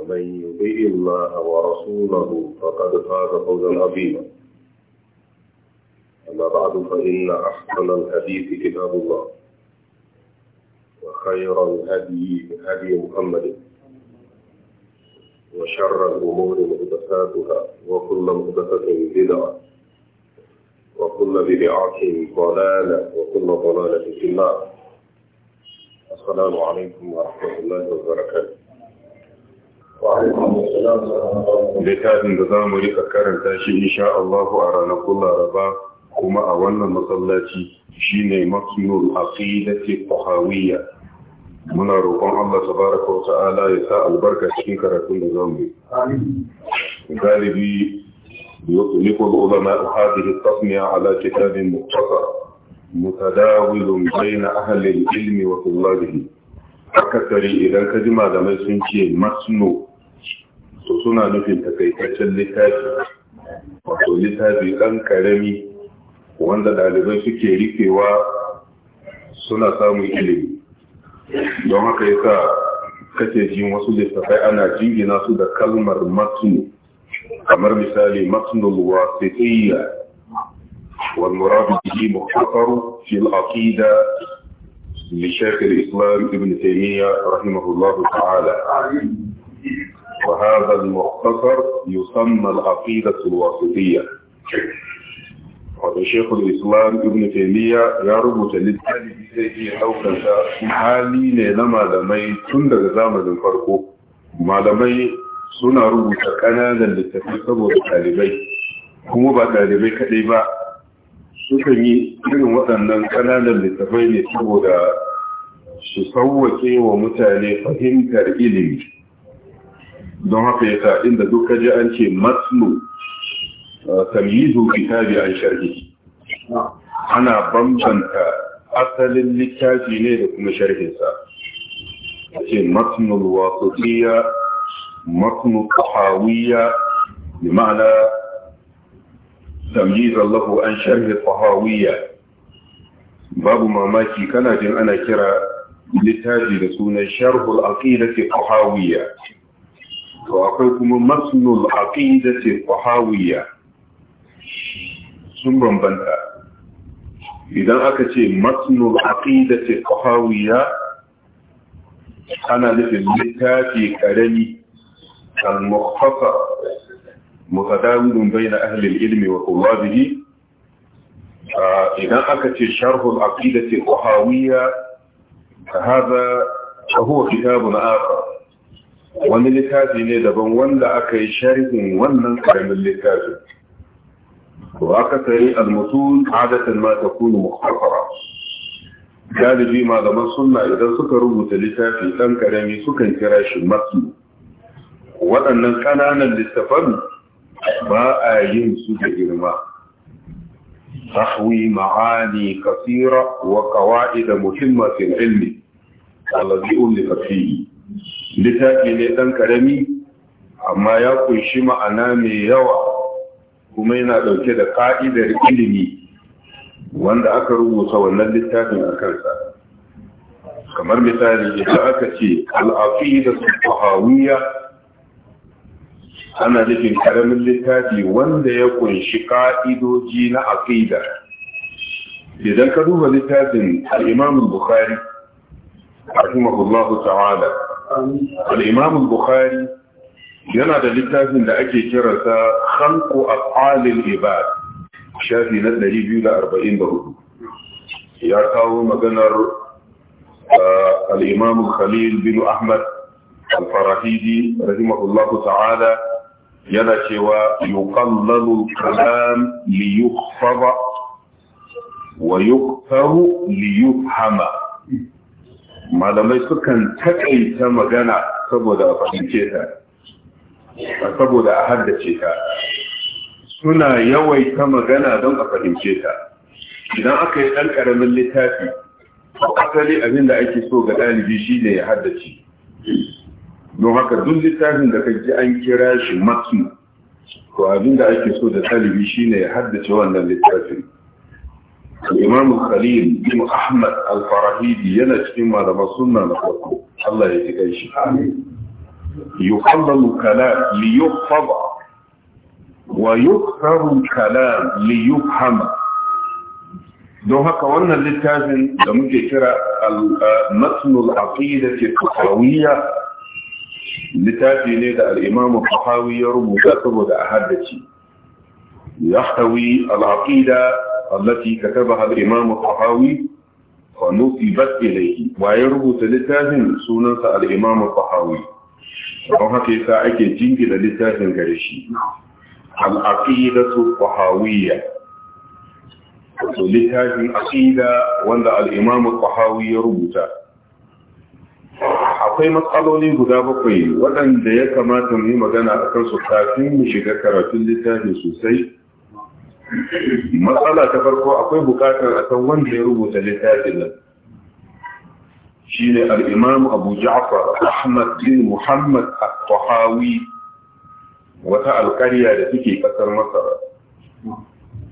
ومن يطيع الله ورسوله فقد فاز فوزا عظيما أما بعد فإن أحسن الحديث كتاب الله وخير الهدي هدي محمد وشر الأمور محدثاتها وكل محدثة بدعة وكل بدعة ضلالة وكل ضلالة في النار السلام عليكم ورحمة الله وبركاته littafin da za mu rika karanta shi insha Allahu a ranakun Laraba kuma a wannan masallaci shine matnul aqidati tahawiyya muna roƙon Allah tabaraka wa ta'ala ya sa albarka cikin karatun da za mu yi galibi يطلق العلماء هذه التسمية على كتاب مختصر متداول بين أهل العلم وطلابه akasari idan ka ji malamai sun ce masno to suna nufin takaitaccen littafi wato littafi ɗan ƙarami wanda ɗalibai suke rikewa suna samun ilimi don haka sa kake jin wasu littafai ana jingina su da kalmar matnu kamar misali matnul wasitiyya والمراد به مختصر في العقيدة لشيخ الإسلام ابن تيمية رحمه الله تعالى وهذا المختصر يسمى العقيدة الواسطية wato shekul islam ibn taimiyya ya rubuta littafi zai iya daukanta hali ne na malamai tun daga zamanin farko malamai suna rubuta ƙananan littafi saboda ɗalibai kuma ba ɗalibai kaɗai ba sukan yi irin waɗannan ƙananan littafai ne saboda su sauwake wa mutane fahimtar ilimi don haka ya sa inda duk kaji an ce matlu uh, tamyizu kitabi an sharhi ana bambanta asalin littafi ne da kuma sharhinsa ce matnul wasatiyya matnul tahawiyya bi ma'ana tamyiz Allah an sharhi tahawiyya babu mamaki kana jin ana kira littafi da sunan sharhul aqidati tahawiyya to akwai kuma masnul aqidati qahawiya sun bambanta idan aka ce masnul aqidati qahawiya ana nufin littafi karami al-mukhtasar mutadawilun bayna ahli al-ilmi wa tullabihi idan aka ce sharhul aqidati qahawiya هذا فهو كتاب آخر wani littafi ne daban wanda aka yi sharhin wannan karamin littafin to aka sayi almusul adatan ma takunu mukhtasara galibi malaman sunna idan suka rubuta littafi ɗan karami sukan kira shi masu waɗannan ƙananan littafan ba a yin su da girma tahwi ma'ani kasira wa qawaid muhimmatin ilmi alladhi ulifat fihi littafi ne ɗan ƙarami amma ya kunshi ma'ana mai yawa kuma yana ɗauke da ƙa'idar ilimi wanda aka rubuta wannan littafin a kansa kamar misali idan aka ce al'afi da fahawiyya ana nufin ƙaramin littafi wanda ya kunshi ƙa'idoji na aƙida idan ka duba littafin al'imamin bukari rahimahullahu ta'ala al'imam bukhari yana da littafin da ake kiransa hanku a ƙalil ibad shafi na 244 ya kawo maganar al'imam khalil bin ahmad al-farahidi rahimahullahu ta'ala yana cewa yuqallalu kalam li yukhfada wa yuqtahu li yuhama malamai sukan taƙaita magana saboda a fahimce ta saboda a haddace ta suna yawaita magana don a fahimce ta idan aka yi ɗan ƙaramin littafi asali abin da ake so ga ɗalibi shi ne ya haddace don haka duk littafin da ka ji an kira shi matsu to abin da ake so da ɗalibi shi ne ya haddace wannan littafin الإمام الخليل بن أحمد الفراهيدي ينجم ما لما سنة نفسه الله يتقيش يفضل الكلام ليحفظ ويكثر الكلام ليفهم don haka wannan littafin da muke kira matnul aqidati tuhawiyya littafi ne da al-imam tuhawi ya saboda a haddace yahtawi al التي كتبها الإمام الطحاوي ونصبت إليه ويربط لتاهم سنة الإمام الطحاوي وهكي ساعك جنجل لتاهم قريشي العقيدة الطحاوية لتاهم عقيدة وند الإمام الطحاوي يربطها akwai matsaloli guda bakwai waɗanda ya kamata mu yi magana a kansu kafin mu shiga karatun littafi sosai matsala ta farko akwai bukatar a san wanda ya rubuta littafin nan shi ne al’imamu Abu Ja'far Ahmad bin Muhammad al-Tahawi wata alƙarya da suke ƙasar masara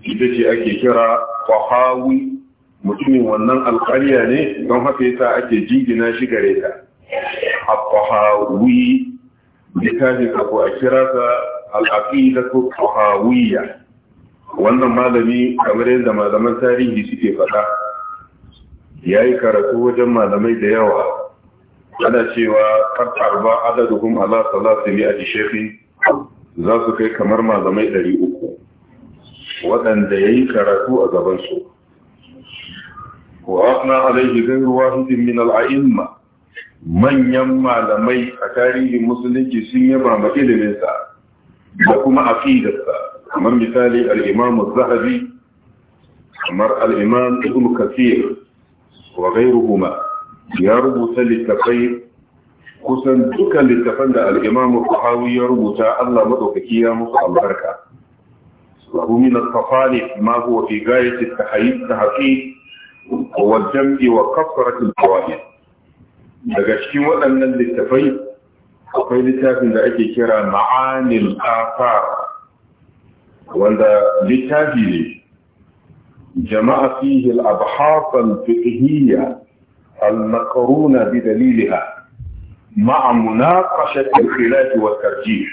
ita ce ake kira Tahawi mutumin wannan alƙarya ne don haka yasa ake jingina shi gare ta al-Tahawi littafin abu a kira sa al ta Tahawiyya wannan malami kamar yadda malaman tarihi suke faɗa ya yi karatu wajen malamai da yawa ana cewa ƙarfar ba adaduhun ala salatu ne a jishefi za su kai kamar malamai dari uku waɗanda ya yi karatu a gabansu wa asna alaihi ruwa wahidin min al'a'imma manyan malamai a tarihin musulunci sun yaba ma iliminsa da kuma aƙidarsa kamar misali al'imamu zahabi kamar al'imam ibn kafir wa gairuhuma ya rubuta littafai kusan duka littafan da al'imamu kuhawi ya rubuta Allah maɗaukaki ya musu albarka lahu na al-tafani ma huwa fi gayati ta tahayyub tahqiq wa al-jam'i wa kasrat al daga cikin waɗannan littafai akwai littafin da ake kira ma'anil afar wanda littafi ne jama'a fihi al-abhas al-fiqhiyya al-maqruna bi dalilha ma'a munaqashat al-khilaf wa tarjih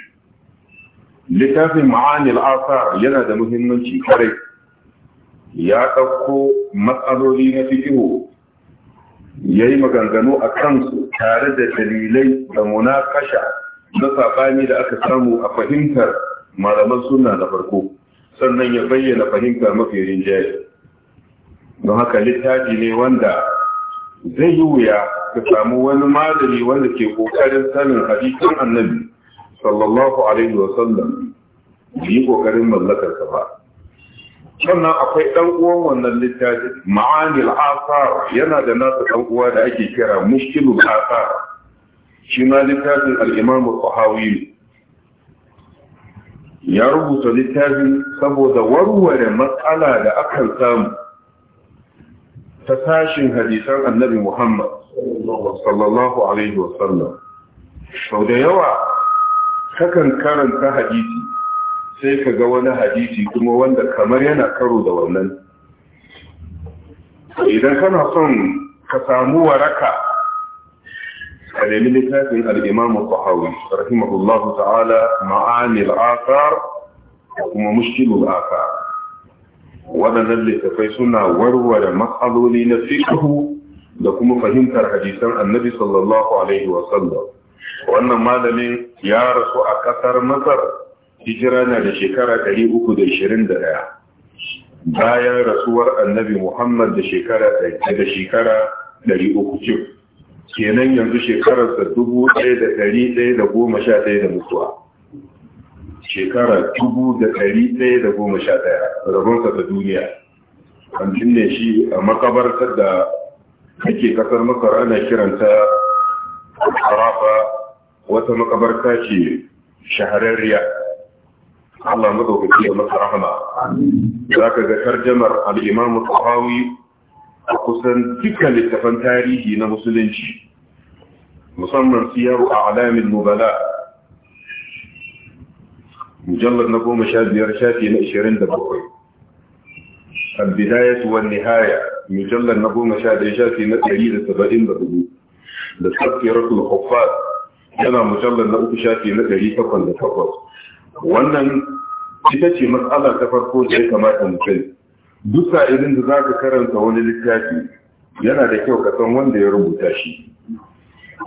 littafin ma'ani al-athar yana da muhimmanci kare ya dauko matsaloli na fikihu ya yi maganganu a kansu tare da dalilai da munakasha na saɓani da aka samu a fahimtar malaman suna na farko sannan ya bayyana fahimta mafi rinjaye don haka littafi ne wanda zai yi wuya ka samu wani malami wanda ke kokarin sanin hadisin annabi sallallahu alaihi wa sallam yi kokarin mallakar sa ba sannan akwai dan uwan wannan littafi ma'anil asar yana da nasa dan uwa da ake kira mushkilul asar shi ma littafin al-imam al ya rubuta littafin saboda warware matsala da aka samu ta sashin hadisan annabi Muhammad sallallahu alaihi wasallam sau da yawa kakan karanta hadisi sai ka ga wani hadisi kuma wanda kamar yana karo da wannan idan kana son ka samu waraka a littafin al'imamu tsahawi rahimahullahu ta'ala ma'anil asar da kuma mushkilul asar waɗannan littafai suna warware matsaloli na fiƙahu da kuma fahimtar hadisan annabi sallallahu alaihi wasallam wannan malamin ya rasu a ƙasar masar hijira na da shekara 321 bayan rasuwar annabi Muhammad da shekara da shekara 300 kenan yanzu shekararsa dubu ɗaya da ɗari ɗaya da goma sha ɗaya da mutuwa shekara dubu da ɗari ɗaya da goma sha ɗaya rabonsa da duniya an jinne shi a makabartar da ake kasar masar ana kiranta harafa wata makabarta ce shahararriya Allah maɗaukaki da masa za ka ga tarjamar al'imamu imam hawi? a kusan dukkan littafan tarihi na musulunci musamman siyaru a alamin nubala mujallar na goma sha biyar shafi na ishirin da bakwai albidayat wa nihaya mujallar na goma sha ɗaya shafi na ɗari da saba'in da dubu da tsakiratul huffaz yana mujallar na uku shafi na ɗari takwas da takwas wannan ita ce matsala ta farko da ya kamata mu sani duk irin da za ka karanta wani littafi yana da kyau ka san wanda ya rubuta shi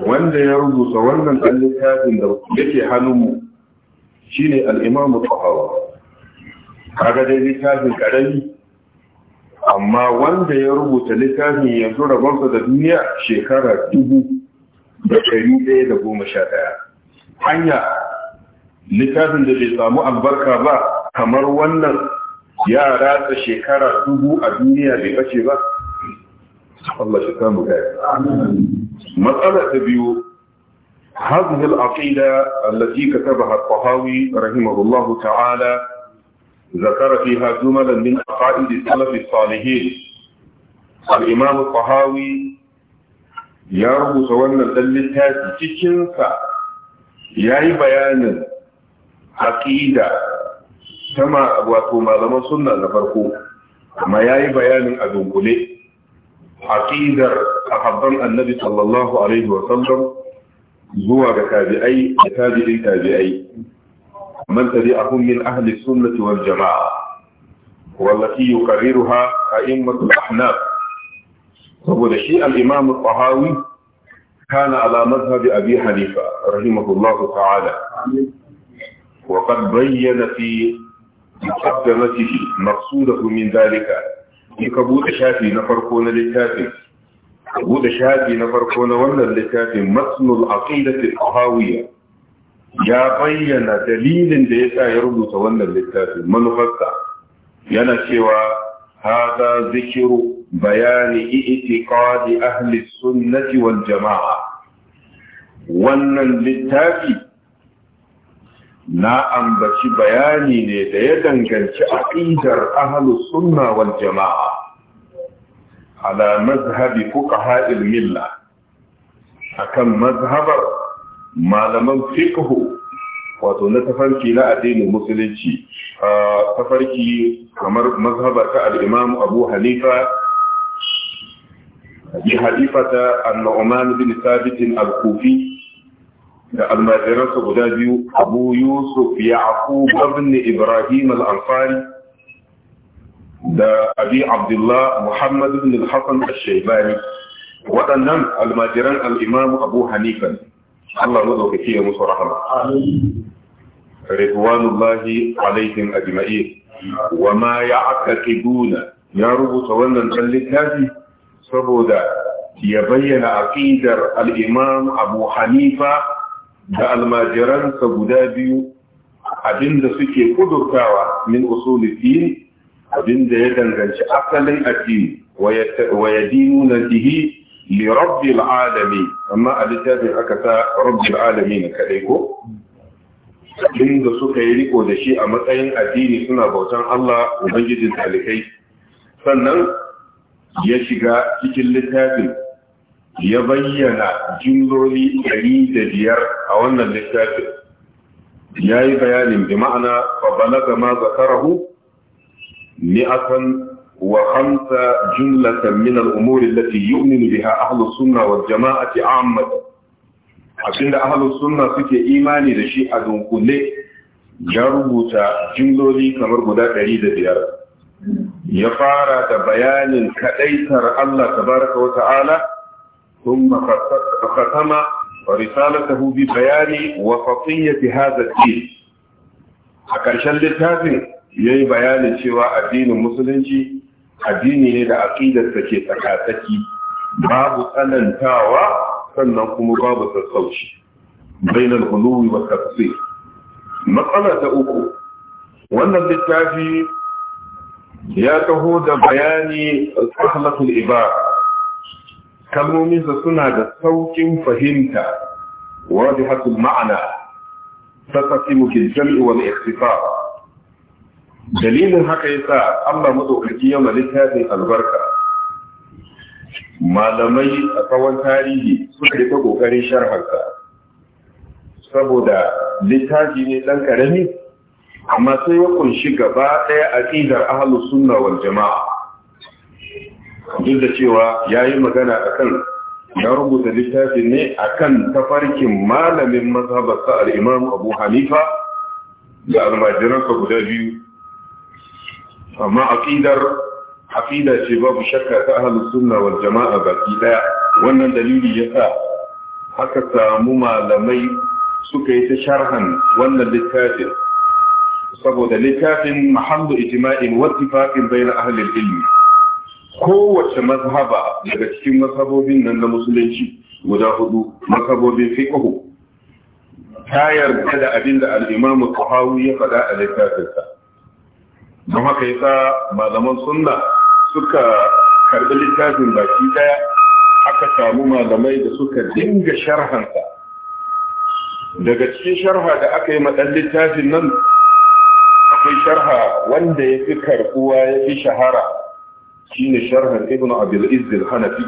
wanda ya rubuta wannan ɗan littafin da yake hannunmu shi ne al'imamu tsohawa kaga dai littafin ƙarami amma wanda ya rubuta littafin yanzu rabonsa da duniya shekara dubu da ɗari ɗaya da goma sha ɗaya hanya littafin da bai samu albarka ba kamar wannan yara ta shekara dubu a duniya bai kashe ba? Allah shi samu kai. Matsala ta biyu, hazin al’aƙida allaji ka taba haƙwahawi rahimahullahu ta’ala, zakara fi hajju malamin aƙa’i da salafi salihin al’imamu ƙwahawi ya rubuta wannan ɗan littafi cikinsa ya yi bayanin aƙida mujtama wato malaman sunna na farko amma yayi bayanin a dunkule aqidar sahabban annabi sallallahu alaihi wa sallam zuwa ga tabi'ai da tabi'in tabi'ai man tabi'ahum min ahli sunnati wal jama'a wallati yuqarriruha a'immatul ahnaf saboda shi al-imam al-tahawi كان على مذهب أبي حنيفة رحمه الله تعالى وقد بين في muqaddaratihi maqsudahu min zalika in ka bude shafi na farko na littafin ka bude shafi na farko na wannan littafin masnul aqidati tahawiyya ya bayyana dalilin da yasa ya rubuta wannan littafin manufarsa yana cewa hada zikiru bayani i'tiqadi ahli sunnati wal jama'a wannan littafi na ambaci bayani ne da ya danganci ƙidar ahlus sunna wal jamaa ala mazhabi fuqaha al milla akan mazhabar malaman fikhu wato na tafarki na addinin musulunci tafarki kamar mazhabar ta al-imam Abu Hanifa Hadifa halifata an-Nu'man bin Sabitin al-Kufi da almajiransa guda biyu abu yusuf yaqub ibn ibrahim al da abi abdullah muhammad ibn al-hasan al waɗannan almajiran al'imam abu hanifa Allah ya dauke ya musu rahama ridwanullahi alaihim ajma'in wa ma ya'taqiduna ya rubuta wannan dan littafi saboda ya bayyana aƙidar al abu hanifa da almajiransa guda biyu abinda suke kudurtawa min usuli din abinda ya danganci asalin addini wa yadinuna bihi li rabbil alamin amma a littafin aka sa rabbil na kadai ko abinda suka yi riko da shi a matsayin addini suna bautan Allah ubangijin talikai sannan ya shiga cikin littafin ya bayyana jimloli ɗari da biyar a wannan littafin ya yi bayanin bi ma'ana fabalaga ma zakarahu mi'atan wa hamsa jumlatan min al'umuri lati yu'minu biha ahlus sunna wal jama'ati ammatan abinda ahlus sunna suke imani da shi a dunkule ya rubuta jimloli kamar guda ɗari da biyar ya fara da bayanin kaɗaitar Allah tabaraka wa ta'ala ثم ختم رسالته ببيان وفقية هذا الدين أكرشان للتافن يأي بيان شواء الدين Musulunci, addini ne da aqidarsa ke tsakatsaki babu tsanantawa sannan kuma babu sassauci bainal huluwi wa tafsir matsala ta uku wannan littafi ya taho da bayani tsahlatul ibada kalmominsa suna da saukin fahimta wadihatul ma'ana ta tafi bil jam'i wal ikhtifaf dalilin haka yasa Allah madaukaki ya malika littafin albarka malamai a tsawon tarihi suka yi ta kokarin sharharsa saboda littafi ne dan karami amma sai ya kunshi gaba daya a ahlus sunna wal jama'a duk da cewa ya yi magana a kan ya rubuta littafin ne a kan tafarkin malamin mazhabarsa al'imam abu hanifa da almajiransa guda biyu amma aƙidar aƙida ce babu shakka ta ahalus sunna jama'a baki ɗaya wannan dalili ya sa aka samu malamai suka yi ta sharhan wannan littafin saboda littafin mahallu ijma'in wattifaqin bayan ahlul ilmi kowace mazhaba daga cikin mazhabobin nan na musulunci guda hudu mazhabobin fiqhu ta yarda da abin da al-Imam Tuhawi ya faɗa a littafinsa don haka yasa malaman sunna suka karɓi littafin baki daya aka samu malamai da suka dinga sharhansa daga cikin sharha da aka yi maɗan littafin nan akwai sharha wanda ya fi karɓuwa ya fi shahara شين شرح ابن أبي العز الحنفي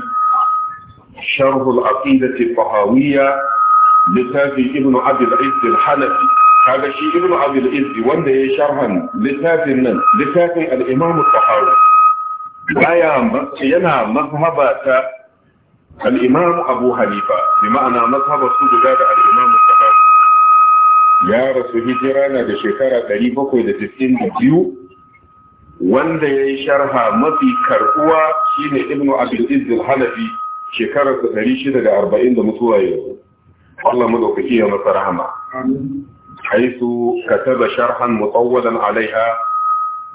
شرح العقيدة الطهاوية لتافي ابن أبي العز الحنفي هذا شيء ابن أبي العز وانده يشرحا لتافي من لتافي الإمام الطهاوي yana يا ta al'imam abu hanifa bi ma'ana mazhaba su guda da al'imam sahabu ya rasu hijira na da wanda ya yi sharha mafi karɓuwa shine Ibnu ibn abdulliz hanafi shekarar 640 da mutuwa yanzu Allah madaukaki ya masa rahama haisu kataba sharhan mutawwalan alaiha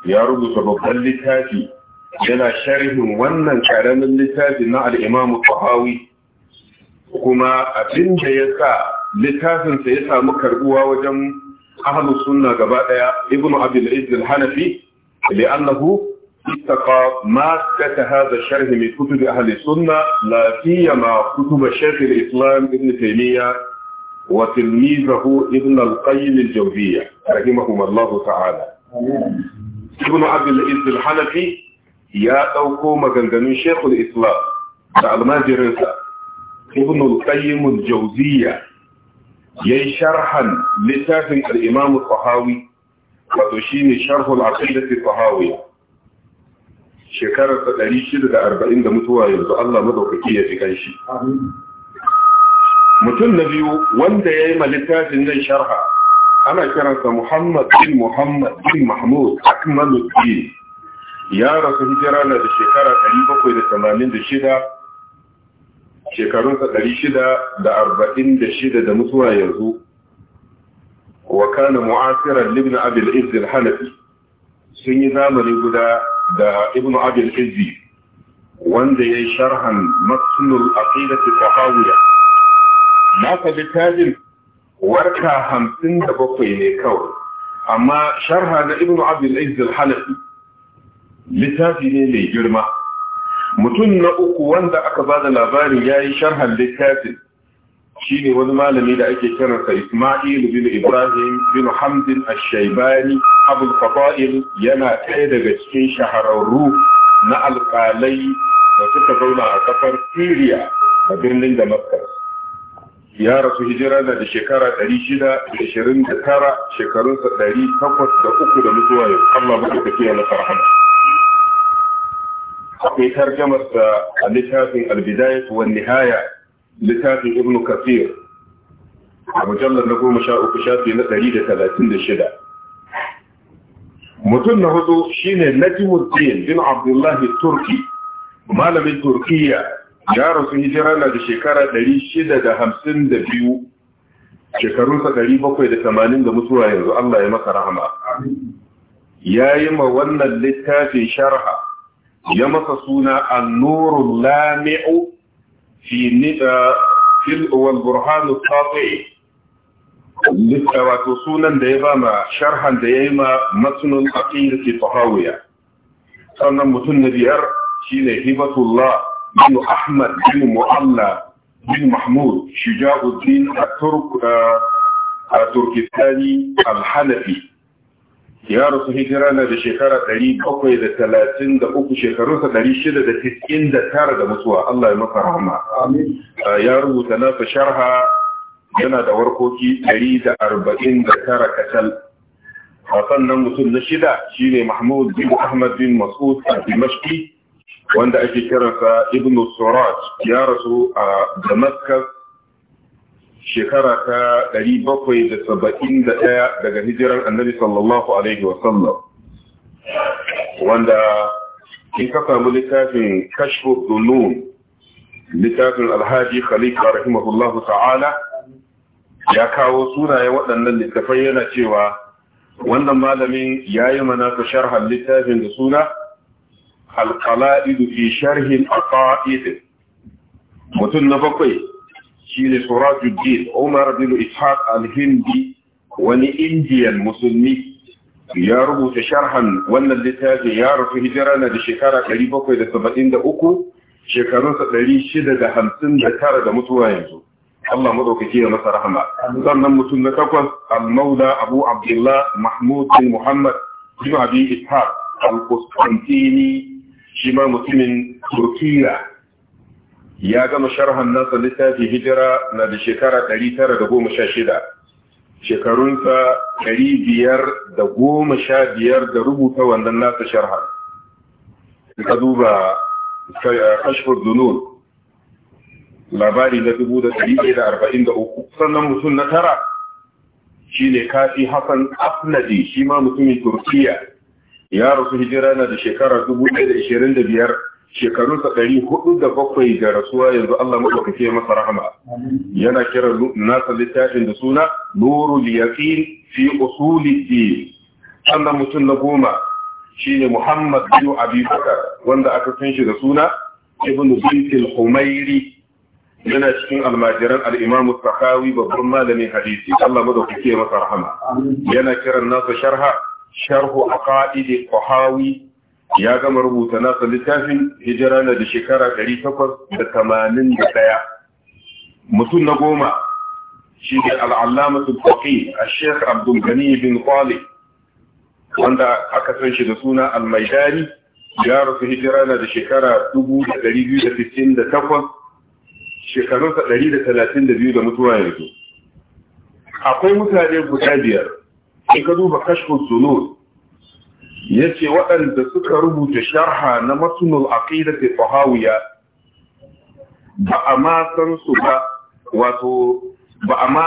ya rubuta babban littafi yana sharhin wannan karamin littafi na al-imam kuma abin da ya sa littafinsa ya samu karɓuwa wajen ahlus sunna gaba ɗaya Ibnu Abin al-hanafi لأنه اتقى مادة هذا الشرح من كتب أهل السنة لا سيما كتب شيخ الإسلام ابن تيمية وتلميذه ابن القيم الجوزية رحمهما الله تعالى ابن عبد العز الحنفي يا توكو maganganun شيخ الإسلام da ما ibn ابن القيم الجوزيه jawziya yayi sharhan littafin wato shi ne sharhul aqidati tahawiyya 640 da mutuwa yanzu Allah madaukaki ya ji kanshi mutum na biyu wanda yayi yi littafin nan sharha ana kiransa Muhammad bin Muhammad bin Mahmud Akmaluddin ya rasu hijira na da shekara 786 646 da mutuwa yanzu wa kana mu'asiran libn abil izz al-hanafi sun yi zamani guda da ibn abil izz wanda yayi sharhan matnul aqidah al-tahawiyya naka littafin warka hamsin da bakwai ne kawai amma sharha na ibn abil izz al-hanafi littafi ne mai girma mutum na uku wanda aka ba da labarin ya yi sharhan littafin Shi ne wani malami da ake kiransa Isma'il bin Ibrahim bin Hamdin Ash-Shaybani Abul Fadail yana ɗaya daga cikin shahararru na alƙalai da suka zauna a kafar Syria a birnin Damascus ya rasu hijira na da shekara 629 shekarunsa 803 da mutuwa yau Allah ba da tafiya na farhama akwai tarjamar da a littafin albidayat wa nihaya littafin ibn kafir a mujallar na goma sha uku shafi na ɗari da talatin da shida mutum na hudu shine najimuddin bin abdullahi turki malamin Turkiyya, ya rasu hijira na da shekara ɗari shida da hamsin da biyu shekarunsa ɗari bakwai da tamanin da mutuwa yanzu allah ya maka rahama ya yi ma wannan littafin sharha ya masa suna annurul lami'u fi nida fil wal burhan qati wato sunan da ya ba sharhan da ya ma matsunan aƙidar ke fahawiya mutum na biyar shi ne hibatullah bin ahmad bin mu'alla bin mahmud shuja'uddin a turkistani al-hanafi ya rasu hijira na da shekara 733 shekarunsa 699 da mutuwa Allah ya maka rahama ya rubuta nasa sharha yana da warkoki 149 kacal sannan mutum na shida shine Mahmud bin Ahmad bin Mas'ud a dimashqi wanda ake kiransa Ibn Surat ya rasu a Damascus shekara ta 771 daga hijiran annabi sallallahu alaihi wasallam wanda in ka samu littafin kashfu dunun littafin alhaji khalifa rahimahullahu ta'ala ya kawo sunaye waɗannan littafai yana cewa wannan malamin ya yi mana ka sharhan littafin da suna alƙala'idu fi sharhin aqaid mutum na bakwai shine Surajuddin Umar bin Ishaq al-Hindi wani Indiyan musulmi ya rubuta sharhan wannan littafin ya rufe hijira na da shekara 773 shekarunsa 659 da mutuwa yanzu Allah madaukaki ya masa rahama sannan mutum na takwas al-Maula Abu Abdullah Mahmud bin Muhammad bin Abi Ishaq al-Qustantini shi ma mutumin Turkiya ya gama sharhan nasa littafi hijira na da shekara 916 shekarunsa 515 da rubuta wannan nasa sharhan ka duba eh, kashfar Dunun. labari na uku, sannan mutum na tara shi ne kafi hassan afnadi shi ma mutumin turkiya ya rasu hijira na da shekara 1025 sa ɗari hudu da bakwai ga rasuwa yanzu Allah maɗaukake masa rahama yana kira nasa littafin da suna nuru liyaqin fi usuli din sannan mutum na goma shine Muhammad bin Abi Bakar wanda aka san shi da suna Ibn Bint al-Humairi yana cikin almajiran al-Imam babban malamin hadisi Allah maɗaukake masa rahama yana kiran nasa sharha sharhu aqaidi qahawi ya gama rubuta nasa littafin hijira na da shekara 881 mutum na goma shi ne al'allamatu taƙi a sheikh abdulgani bin kwale wanda aka san shi da suna Al-Maidari ya rasu hijira na da shekara 2,258 shekarunsa 132 da mutuwa yanzu akwai mutane guda biyar in ka duba kashkun zunur yace waɗanda suka rubuta sharha na aqida aqidati tahawiyya ba a ma san su ba wato ba a ma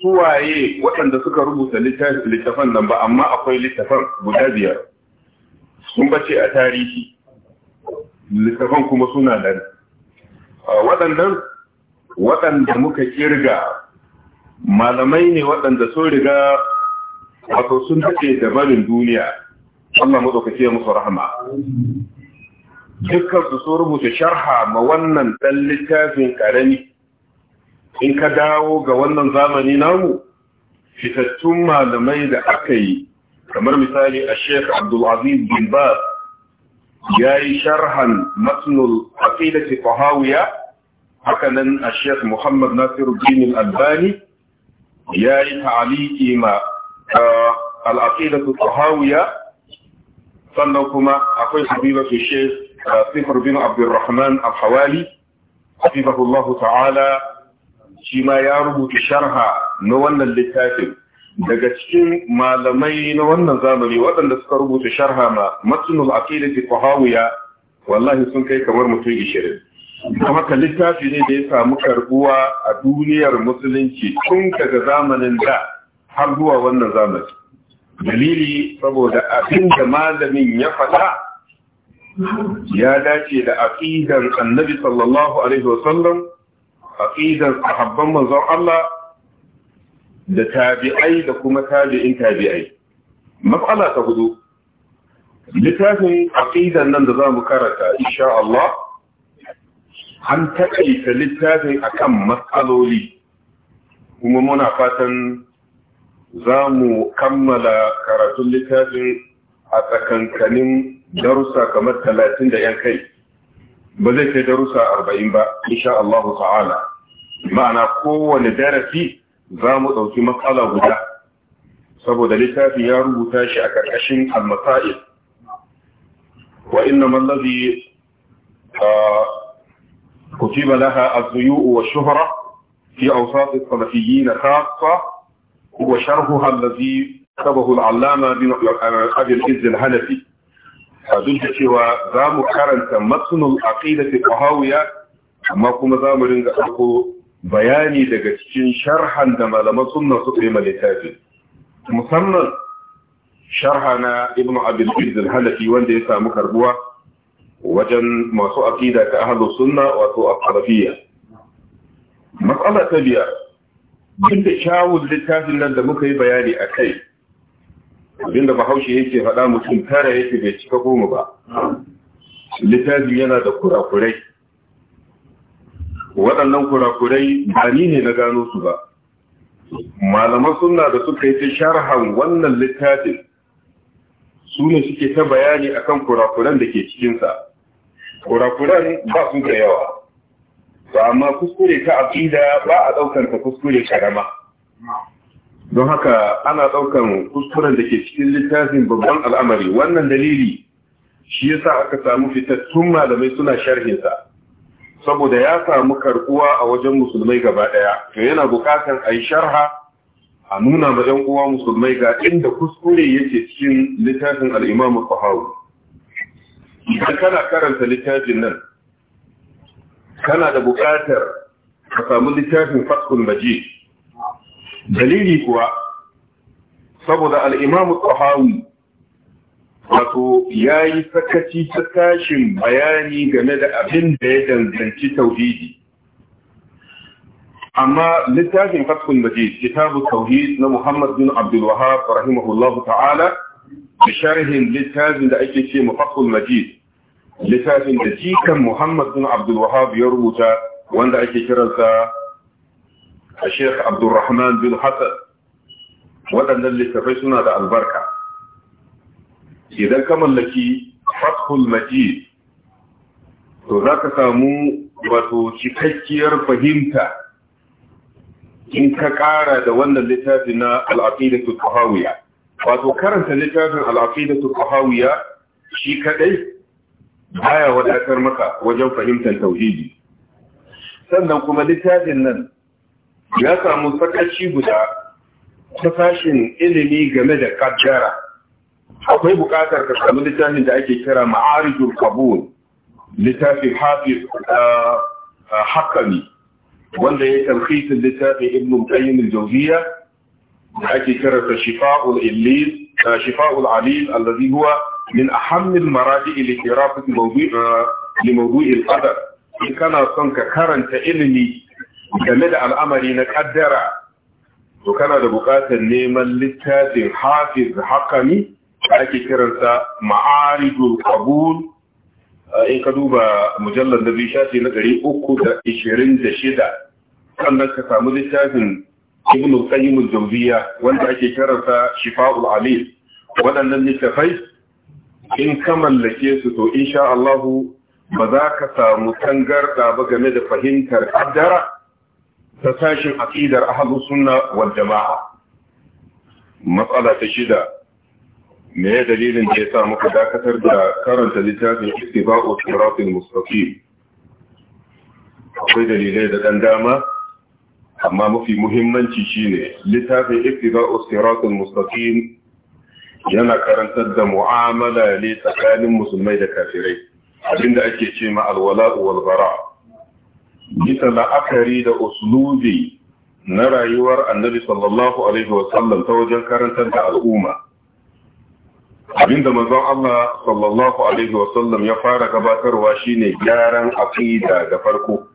suwaye waɗanda suka rubuta littafan nan ba amma akwai littafan guda biyar sun bace a tarihi littafan kuma suna nan waɗannan waɗanda muka kirga malamai ne waɗanda sun riga wato sun daɗe da barin duniya Allah madaukake ya musu rahama dukkan su sun rubuta sharha ma wannan ɗan littafin ƙarami. in ka dawo ga wannan zamani namu fitattun malamai da aka yi kamar misali a sheikh abdulaziz bin ba ya yi sharhan matnul aqidati fahawiya haka nan a sheikh muhammad nasiruddin albani ya yi ta'aliki ma uh, al fahawiya sannan kuma akwai habiba fi shekh uh, sifar bin abdurrahman al-hawali ta'ala shi ma ya rubuta sharha na wannan littafin daga cikin malamai na wannan zamani waɗanda suka rubuta sharha ma matsunul ke qahawiya wallahi sun kai kamar mutum ishirin kuma ka littafi ne da ya samu karbuwa a duniyar musulunci tun daga zamanin da har zuwa wannan zamani dalili saboda abin da malamin ya faɗa ya dace da aqidar annabi sallallahu alaihi wasallam aqidar sahabban manzon Allah da tabi'ai da kuma tabi'in tabi'ai matsala ta hudu littafin aqidar nan da zamu karanta insha Allah an taƙaita littafin akan matsaloli kuma muna fatan za mu kammala karatun littafin a tsakankanin darussa kamar talatin da yan kai ba zai kai darussa arba'in ba insha Allah ta'ala ma'ana kowane darasi za mu ɗauki matsala guda saboda littafin ya rubuta shi a ƙarƙashin al-masa'il wa inna mallazi كتب لها الضيوء ausa su أوساط na خاصة وشرحها الذي كتبه العلامة بن أبي العز الهنفي duk da cewa za mu karanta matsunul aqidati qahawiya amma kuma za mu ringa ɗauko bayani daga cikin sharhan da malaman sunna suka yi littafi musamman sharha na ibn abdul aziz al wanda ya samu karbuwa wajen masu aƙida ta ahlus sunna wato al-salafiyya mas'ala ta biya. duk da shawun littafin nan da muka yi bayani a kai abinda bahaushe yake faɗa mutum tara yake bai cika goma ba littafin yana da kurakurai waɗannan kurakurai ba ni ne na gano su ba malaman suna da suka yi ta sharhan wannan littafin su ne suke ta bayani akan kurakuran da ke cikinsa kurakuran ba su da yawa to amma kuskure ta aqida ba a daukar ta kuskure karama don haka ana daukar kuskuren da ke cikin littafin babban al'amari wannan dalili shi yasa aka samu fitattun malamai suna sharhin sa saboda ya samu karbuwa a wajen musulmai gaba daya to yana bukatan ayi sharha a nuna ma ɗan uwa musulmai ga inda kuskure yake cikin littafin al-Imam Bukhari idan kana karanta littafin nan kana da buƙatar ka samu littafin fathul majid dalili kuwa saboda Al'imamu imam wato wato yayi sakaci ta tashin bayani game da abin da ya danganci tauhidi amma littafin fathul majid kitabu tauhid na muhammad bin abdul rahimahullahu ta'ala da sharhin littafin da ake ce fathul majid littafin da jikan Muhammad bin Abdul ya rubuta wanda ake kiransa a Sheikh Abdulrahman bin Hassan waɗannan littafai suna da albarka idan ka mallaki Fathul Majid to za ka samu wato cikakkiyar fahimta in ka ƙara da wannan littafi na al'aqidatu tahawiyya wato karanta littafin al'aqidatu tahawiyya shi kaɗai? baya wadatar maka wajen fahimtar tauhidi sannan kuma littafin nan ya samu sakaci guda ta fashin ilimi game da kaddara akwai bukatar ka samu littafin da ake kira ma'arijul kabul littafin hafiz ah, ah, hakami wanda ya tarhisin littafin ibn qayyim al-jawziyya da ake kira shifa'ul illil ah, shifa'ul alil allazi huwa min ahammin maradi li irafati uh, al-qadar in kana son ka karanta ilimi game da al'amari na kaddara kana da buƙatar neman littafin hafiz hakami da ake kiransa Ma'aridu qabul uh, in ka duba mujallar da shafi na ɗari uku da ishirin da shida sannan ka samu littafin ibn qayyim al wanda ake kiransa shifa'ul alim waɗannan littafai in ka mallake su to insha Allah ba za ka samu tangarda ba game da fahimtar kaddara ta sashin aqidar ahlus sunna wal jama'a matsala ta shida me ya dalilin da ya sa muka dakatar da karanta littafin istiba'u siratul mustaqim akwai dalilai da dan dama amma mafi muhimmanci shine littafin istiba'u siratul mustaqim yana karantar da mu'amala ne tsakanin musulmai da kafirai abinda ake ce ma alwala wal bara bisa la'akari da uslubi na rayuwar annabi sallallahu alaihi wa sallam ta wajen karantar da al'umma abinda manzon Allah sallallahu alaihi wa sallam ya fara gabatarwa shine gyaran aqida da farko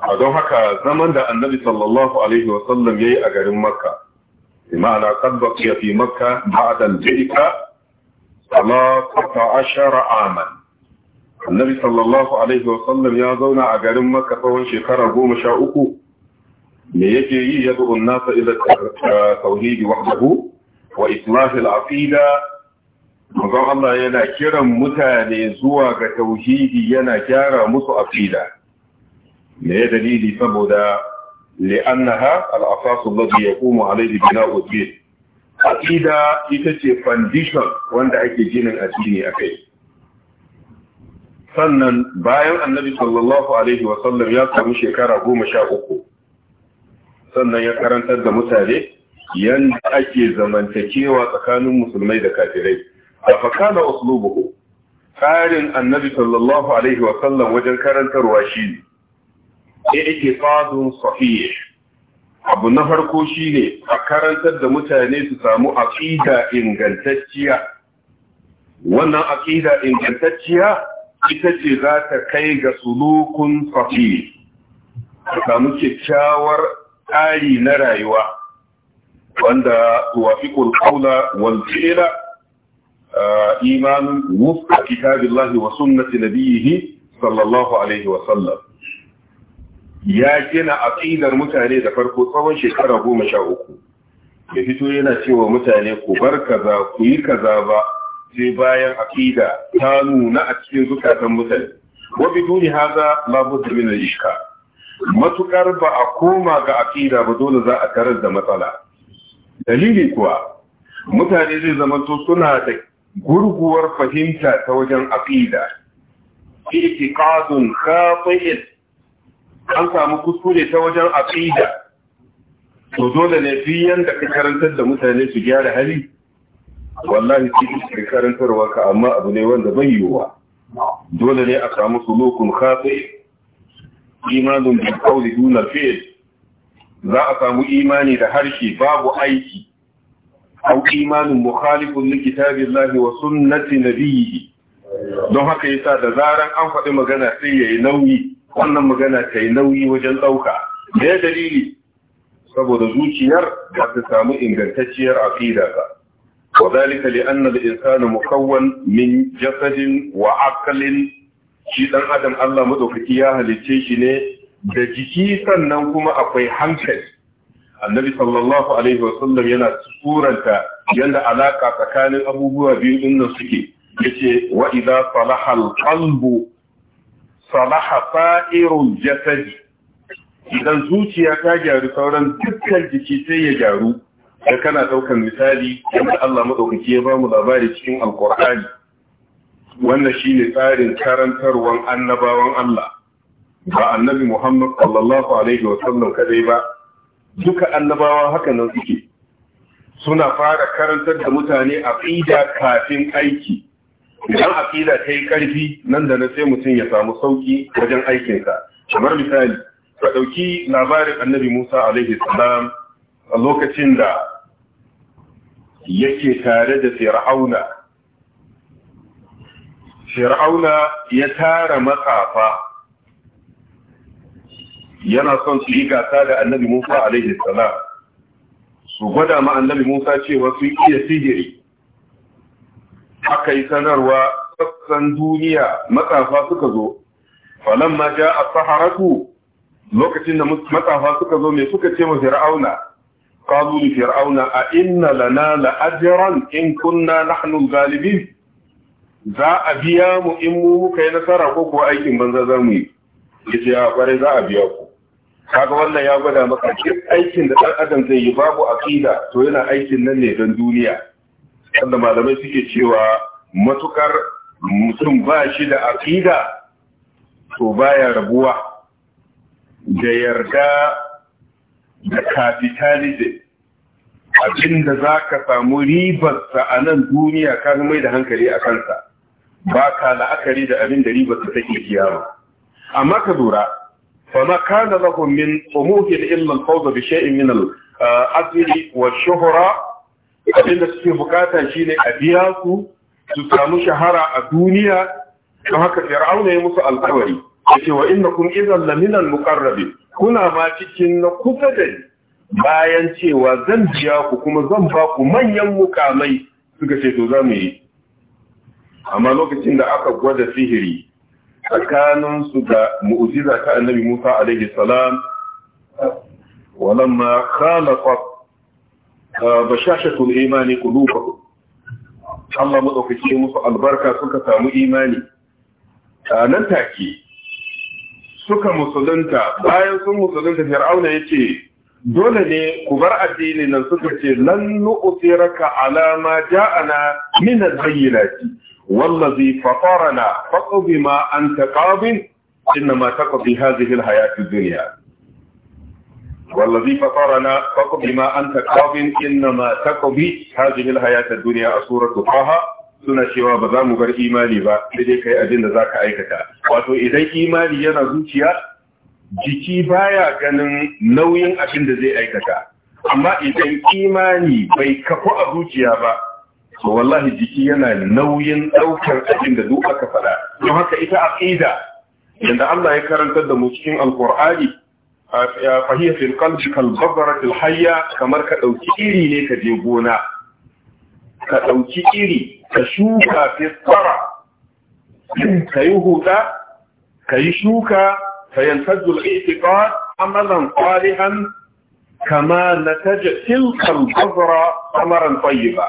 a don haka zaman da annabi sallallahu alaihi wa sallam yayi a garin makka بمعنى قد بقي في مكة بعد البعثة ثلاثة عشر عاما النبي صلى الله عليه وسلم يازون زونا مكة فوان شكرا قوم شاؤكو ليجي يدعو الناس إلى التوحيد وحده وإصلاح العقيدة manzon Allah yana kiran mutane zuwa ga tauhidi yana gyara musu aqida me dalili saboda li'annaha al-asas alladhi yaqumu alayhi bina'u din aqida ita ce foundation wanda ake ginin addini kai. sannan bayan annabi ya samu shekara goma sha uku sannan ya karantar da mutane yanda ake zamantakewa tsakanin musulmai da kafirai a fakana uslubuhu tsarin annabi wajen karantarwa shi ne i'tiqadun sahih abu na farko shine a karantar da mutane su samu aqida ingantacciya wannan aqida ingantacciya ita ce za ta kai ga sulukun sahih a samu kyakkyawar tsari na rayuwa wanda tuwafiqul qawla wal fi'la imanun wufqa kitabillahi wa sunnati nabiyhi sallallahu alaihi wa sallam ya gina aqidar mutane da farko tsawon shekara goma sha uku ya fito yana cewa mutane ku bar kaza ku yi kaza ba sai bayan aqida ta nuna a cikin zukatan mutane wa biduni haza la budda min al-ishka matukar ba a koma ga aqida ba dole za a tarar da matsala dalili kuwa mutane zai zama to suna da gurguwar fahimta ta wajen aqida itiqadun khati'in an samu kuskure ta wajen aqida to dole ne fi yanda ka karantar da mutane su gyara hali wallahi ki ki karantarwa ka amma abu ne wanda bai yiwuwa dole ne a samu sulukun khafi Imanun bil qawli duna fi'l za a samu imani da harshe babu aiki أو إيمان مخالف لكتاب الله وسنة نبيه don haka yasa da zaran an faɗi magana sai yayi nauyi wannan magana ta yi nauyi wajen ɗauka da ya dalili saboda zuciyar ba ta samu ingantacciyar aƙida ba wa zalika li anna al insana mukawwan min jasadin wa aqlin shi dan adam Allah madaukaki ya halicce shi ne da jiki sannan kuma akwai hankali annabi sallallahu alaihi wasallam yana suranta yanda alaka tsakanin abubuwa biyu din nan suke yace wa idza salaha al qalbu salaha sa'irul jasadi idan zuciya ta gyaru sauran dukkan jiki sai ya gyaru da kana daukan misali yadda Allah madaukaki ya bamu labari cikin alkur'ani wannan shine tsarin karantarwan annabawan Allah ba annabi Muhammad sallallahu alaihi wa sallam kadai ba duka annabawa haka nan suke suna fara karantar da mutane aqida kafin aiki idan aƙida ta yi ƙarfi nan da na sai mutum ya samu sauƙi wajen aikinsa kamar misali ka ɗauki labarin annabi musa alaihi salam a lokacin da yake tare da fir'auna fir'auna ya tara makafa yana son su yi gasa da annabi musa alaihi salam su gwada ma annabi musa cewa yi iya sihiri aka yi sanarwa sassan duniya matsafa suka zo Falon ma ja a saharatu lokacin da matsafa suka zo mai suka ce ma fir'auna Kalu li fir'auna a inna lana la'ajiran in kunna nahnu galibin za a biya mu in mu muka yi nasara ko kuwa aikin banza za mu yi yace a kware za a biya ku kaga wannan ya gwada maka aikin da ɗan adam zai yi babu aƙida, to yana aikin nan ne don duniya wanda malamai suke cewa matukar mutum ba shi da aqida to baya rabuwa da yarda da capitalism abinda za ka samu ribarsa a nan duniya ka mai da hankali a kansa ba ka la'akari da abinda da ribarsa take ba amma ka lura fa ma kana lahum min umuhin illa al bi shay'in min al-azli wa shuhra abin da suke bukata shine a biya su su samu shahara a duniya don haka fir'auna ya musu alkawari yace wa kun idan lamina mukarrabi kuna ma cikin na kusa da bayan cewa zan biya ku kuma zan ba ku manyan mukamai suka ce to za mu yi amma lokacin da aka gwada sihiri tsakanin su da mu'jiza ta annabi Musa alaihi salam walamma khalaqa bashashatul imani qulubuhum Allah madaukake musu albarka suka samu imani nan take suka musulunta bayan sun musulunta fir'auna yace dole ne ku bar addini nan suka ce lan nu'thiraka ala ma ja'ana min al-bayyinati wallazi fatarana faqdi ma anta qadin inma taqdi hadhihi al hayati ad-dunya والذي فطرنا فقض ما أنت قاض إنما تقضي هذه الحياة الدنيا سورة طه suna cewa ba za mu bar imani ba sai dai kai abin da za ka aikata wato idan imani yana zuciya jiki baya ganin nauyin abin da zai aikata amma idan imani bai kafu a zuciya ba to wallahi jiki yana nauyin daukar abin da duk aka faɗa don haka ita aqida yanda Allah ya karantar da mu cikin alqur'ani fahiyya fil qalbi hayya kamar ka ɗauki iri ne ka je gona ka ɗauki iri ka shuka fistara, ka yi huda ka yi shuka ka yantazu al i'tiqad amalan salihan kama na tilka al bazra amaran tayyiba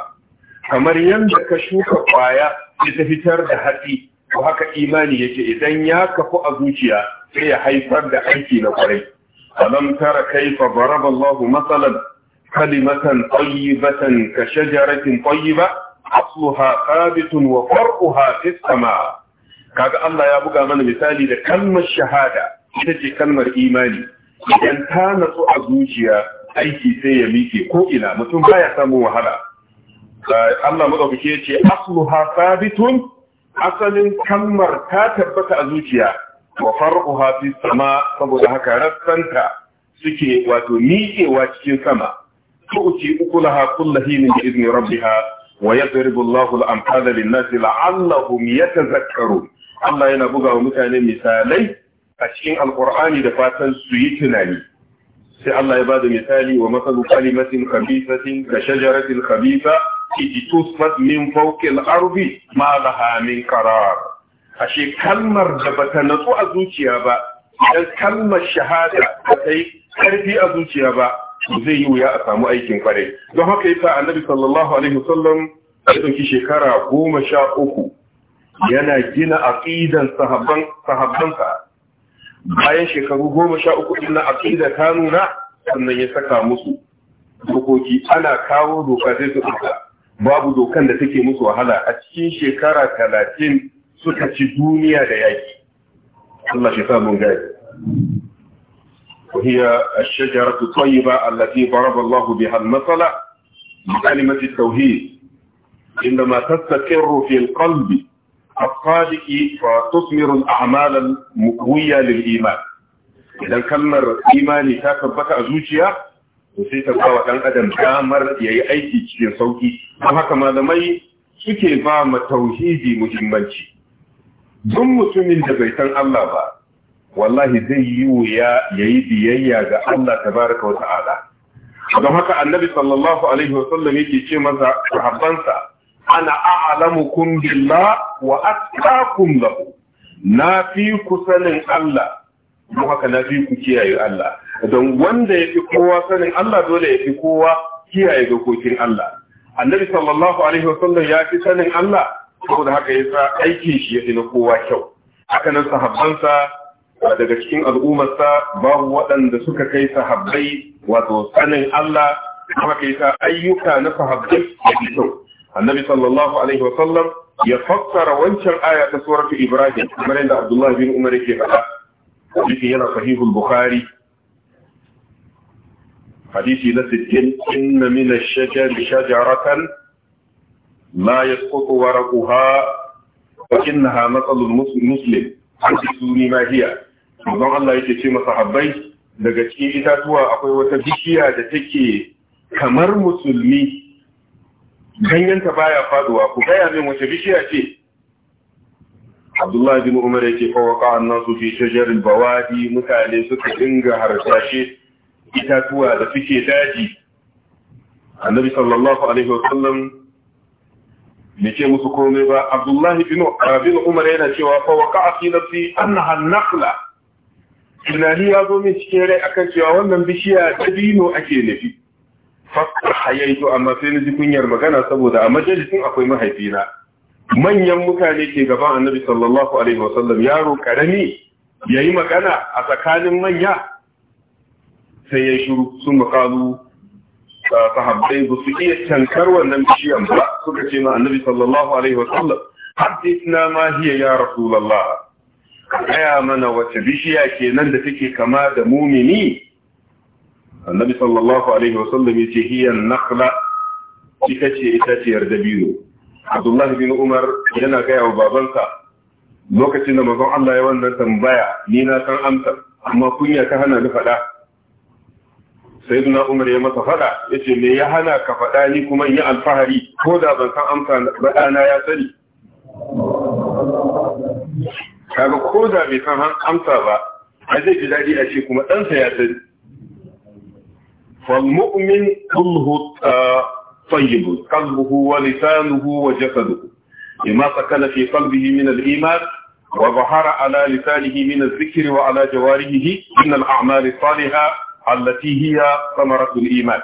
kamar yadda ka shuka kwaya ta fitar da hatsi to haka imani yake idan ya kafu a zuciya sai ya haifar da aiki na kwarai ألم تر كيف ضرب الله مثلا كلمة طيبة كشجرة طيبة أصلها ثابت وفرعها في السماء كذا الله يبقى من مثالي لكلمة الشهادة تجي كلمة الإيمان إذا كانت أزوجيا aiki sai ya miƙe ko ina mutum baya samun wahala Allah madaukake ya ce asluha sabitun asalin kalmar ta tabbata a zuciya wa far'uha fi sama saboda haka rassanta suke wato miƙewa cikin sama tu'ti ukulaha kullahin bi izni rabbiha wa yadribu Allahu al-amthala lin-nas la'allahum yatazakkarun Allah yana buga wa mutane misalai a cikin alkur'ani da fatan su yi tunani sai Allah ya ba da misali wa masalu kalimatin khabisatin ka shajaratin khabisa ijtusfat min fawqi al-ardi ma laha min qarar ashe kalmar da bata natsu a zuciya ba idan kalmar shahada ta yi karfi a zuciya ba zai yi wuya a samu aikin kwarai don haka yasa annabi sallallahu alaihi wasallam ya dauki shekara goma sha uku yana gina aqidan sahabban sahabbansa bayan shekaru goma sha uku din na aqida ta nuna sannan ya saka musu dokoki ana kawo doka zai su babu dokan da take musu wahala a cikin shekara talatin suka ci duniya da yaki Allah shi sa mun gani وهي الشجرة الطيبة التي ضرب الله بها المثل بكلمة التوحيد إنما تستقر في القلب الصادق فتثمر الأعمال المقوية للإيمان idan kalmar imani ta tabbata a zuciya to sai ta ba ɗan adam damar ya yi aiki cikin sauki don haka malamai suke ba ma tauhidi muhimmanci duk mutumin da bai san Allah ba wallahi zai yi wuya yayi biyayya ga Allah ta wata ala. don haka annabi sallallahu alaihi wasallam yake ce maza sahabbansa ana a'lamukum billah wa atqakum lahu na fi ku sanin Allah don haka na fi ku kiyaye Allah don wanda ya fi kowa sanin Allah dole ya fi kowa kiyaye dokokin Allah annabi sallallahu alaihi wasallam ya fi sanin Allah saboda haka ya sa aikin shi ya fi na kowa kyau haka nan sahabbansa daga cikin al'ummarsa babu waɗanda suka kai sahabbai wato sanin Allah kuma ya sa ayyuka na sahabbai ya fi kyau annabi sallallahu alaihi wa sallam ya fassara wancan aya ta suratu ibrahim kamar yadda abdullahi bin umar yake faɗa hadisi yana sahihul bukhari hadisi na sittin, inna min ash-shajari shajaratan la yasqutu waraquha wa innaha matsalul muslim hadithu ni ma hiya manzon Allah yake ce masa daga cikin itatuwa akwai wata bishiya da take kamar musulmi ganyenta baya faduwa ku gaya min wace bishiya ce Abdullahi bin Umar yake fa waqa annasu fi shajaril bawadi mutane suka dinga harsashe itatuwa da suke daji Annabi sallallahu alaihi sallam. bai ce musu komai ba abdullahi bin ah, umar yana cewa fa waka a fi nafsi annaha tunani ya zo min cikin rai akan cewa wannan bishiya dabino ake nufi fakar hayaitu amma sai na ji kunyar magana saboda a majalisin akwai mahaifina manyan mutane ke gaban annabi sallallahu alaihi wasallam yaro karami yayi magana a tsakanin manya sai ya shiru sun makalu sahabbai ba su iya tankar wannan bishiyan ba suka ce ma annabi sallallahu alaihi sallam. haddithna ma hiya ya rasulullah gaya mana wace bishiya kenan da take kama da mumini annabi sallallahu alaihi wasallam yace hiya nakhla ita ce ita ce dabino abdullah bin umar yana gaya wa babansa lokacin da manzon Allah ya wannan tambaya ni na san amsa amma kunya ta hana ni fada? sai duna umar ya masa faɗa? ya ce me ya hana ka faɗa ni kuma in yi alfahari ko da ban san amsa fada na ya sani kaga ko da bai san han amsa ba a zai ji daɗi a ce kuma ɗansa ya sani wal mu'min kulluhu tayyibu qalbuhu wa lisanuhu wa jasaduhu imma sakana fi qalbihi min ala iman وظهر على لسانه من الذكر وعلى جوارحه من الاعمال الصالحه allati hiya samaratul iman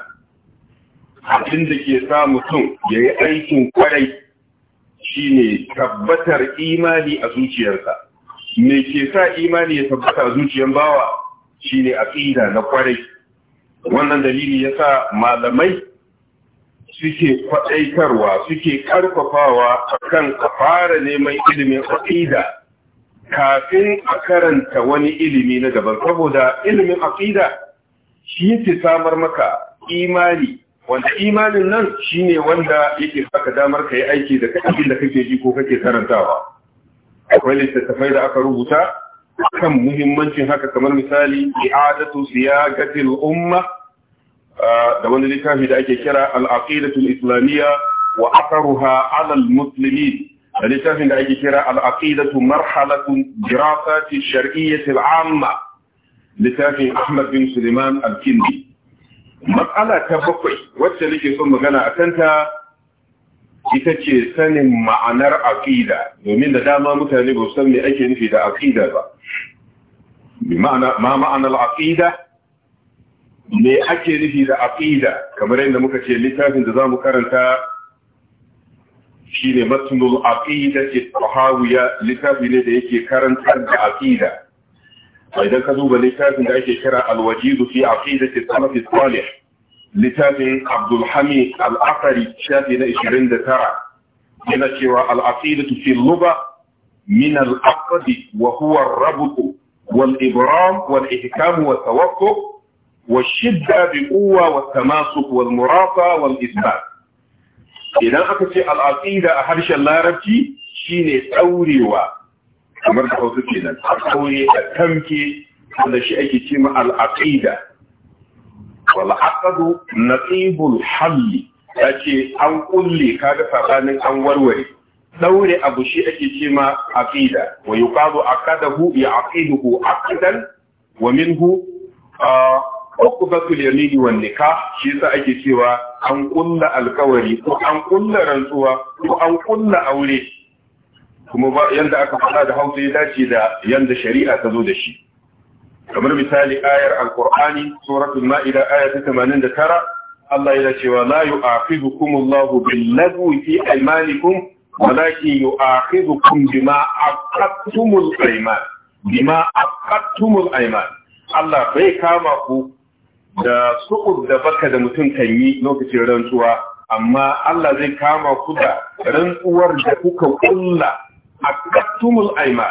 abin da ke sa mutum ya yi aikin kwarai shine tabbatar imani a zuciyarsa me ke sa imani ya tabbata a zuciyar bawa shine aƙida na kwarai wannan dalili yasa malamai suke kwaɗaitarwa suke ƙarfafawa kan a fara neman ilimin aƙida kafin a karanta wani ilimi na gaba saboda ilimin aƙida? shi yake samar maka imani wanda imanin nan shine wanda yake saka damar ka yi aiki da abin da kake ji ko kake karantawa akwai littattafai da aka rubuta kan muhimmancin haka kamar misali i'adatu siyagatil umma da wani littafi da ake kira al-aqidatul islamiyya wa atharuha 'ala al-muslimin da littafin da ake kira al-aqidatu marhalatun dirasati shar'iyyatil amma littafin Ahmad bin Suleiman Al-Kindi. Matsala ta bakwai wacce nake son magana a kanta ita ce sanin ma'anar aqida domin da dama mutane ba san me ake nufi da aqida ba. Ma ma'anar aqida me ake nufi da aqida kamar yadda muka ce littafin da za mu karanta shi ne matsunul aqida ce littafi ne da yake karantar da aqida. a idan ka duba littafin da ake kira alwajizu fi aqida ke salafi salih littafin abdulhami al'asari shafi na ishirin da tara yana cewa al'asiri tu fi luba min al'asari wa huwa rabutu wal ibram wal ihkamu wa tawakko wa shidda bi wal murafa wal isbat idan aka ce al'asiri a harshen larabci shine taurewa kamar da hausa ke nan a kauye a tamke wanda shi ake ce ma al'aqida wal aqdu naqibul halli yace an kulle kaga sabanin an warware daure abu shi ake ce ma aqida wa yuqadu aqadahu ya aqiduhu aqdan wa minhu uqbatul yamini wan nikah shi yasa ake cewa an kulla alkawari ko an kulla rantsuwa ko an kulla aure kuma ba yanda aka faɗa da hausa ya dace da yanda shari'a ta zo da shi kamar misali ayar alqur'ani suratul ma'ida aya ta 89 Allah yana cewa la yu'akhidhukum Allahu bil lagwi fi aymanikum walakin yu'akhidhukum bima aqadtumul ayman bima aqadtumul ayman Allah bai kama ku da sukur da baka da mutum kan yi lokacin rantsuwa amma Allah zai kama ku da rantsuwar da kuka kulla aqattumul aima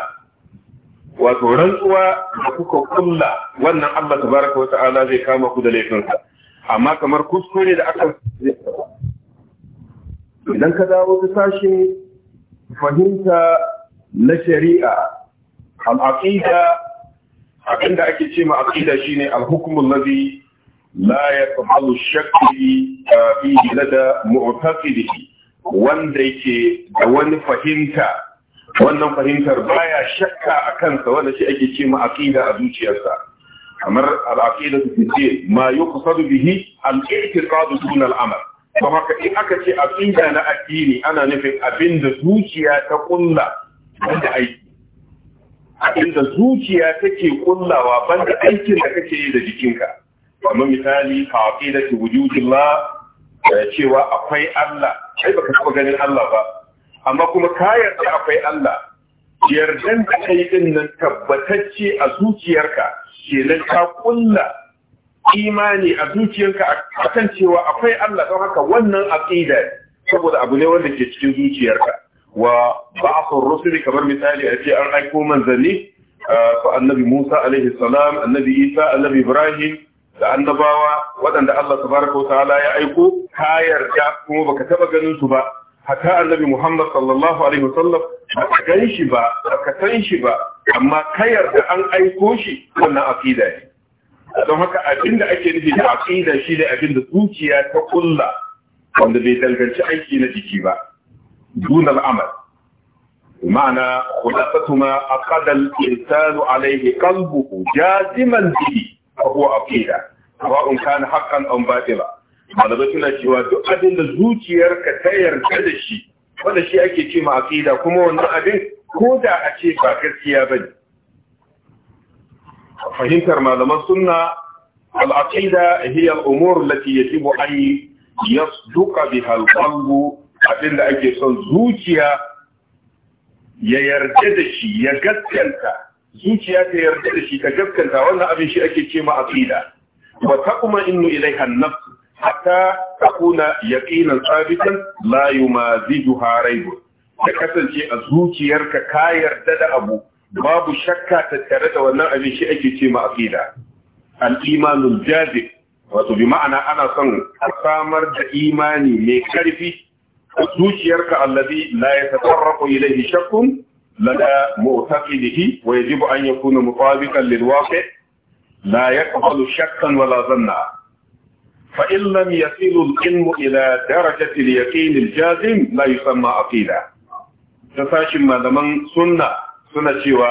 wato rantsuwa da kuka kulla wannan Allah tabaraka wa ta'ala zai kama ku da ka. amma kamar kuskure da aka idan ka dawo ta sashin fahimta na shari'a al abinda ake ce ma aqida shine al-hukmu alladhi la yaqbalu shakki fi lada mu'taqidihi wanda yake da wani fahimta wannan fahimtar baya shakka a kansa wanda shi ake ce aqida a zuciyarsa kamar al'aqida su ce ma yuqsadu bihi al-i'tiqadu dun al-amal don haka in aka ce aqida na addini ana nufin abin da zuciya ta kulla banda aiki abin da zuciya take kullawa banda aikin da kake yi da jikinka kamar misali ka aqida wujudillah cewa akwai Allah sai baka taɓa ganin Allah ba amma kuma ka yarda akwai Allah yardan da kai din nan tabbatacce a zuciyarka kenan ka kulla imani a zuciyarka akan cewa akwai Allah don haka wannan aqida saboda abu ne wanda ke cikin zuciyarka wa ba'athur rusuli kamar misali a ce an aiko manzanni su annabi Musa alaihi salam annabi Isa annabi Ibrahim da annabawa waɗanda Allah tabaraka wa ta'ala ya aiko ka yarda kuma baka taba ganin su ba hatta annabi Muhammad sallallahu alaihi wasallam ba gan shi ba ba san shi ba amma kayar yarda an aiko shi wannan aqida ne don haka abinda ake nufi da aqida shi ne abinda zuciya ta kulla wanda bai danganci aiki na jiki ba دون العمل بمعنى خلاصة ما أقد الإنسان عليه قلبه جازما به فهو عقيدة سواء كان حقا أو باطلا malamai suna cewa duk abin da zuciyarka ta yarda da shi wanda shi ake ce ma aqida kuma wannan abin ko da a ce ba gaskiya bane fahimtar malaman sunna al-aqida hiya al-umur allati yajibu an yasduqa biha al-qalbu abin da ake son zuciya ya yarda da shi ya gaskanta zuciya ta yarda da shi ta gaskanta wannan abin shi ake ce ma aqida wa taqma innu ilayha an-nafs hatta takuna yaqinan sabitan la yumazijuha raibun da kasance a zuciyarka ka yarda da abu babu shakka tattare da wannan abin shi ake ce ma aqida al-imanul jazib wato bi ma'ana ana son samar da imani mai karfi a zuciyarka allazi la yatatarraqu ilayhi shakkun lada mu'taqidihi wa yajibu an yakuna mutabiqan lil waqi' la yaqbalu shakkan wala dhanna فإن لم يصل العلم إلى درجة اليقين الجازم لا يسمى عقيدة tasashin malaman sunna suna cewa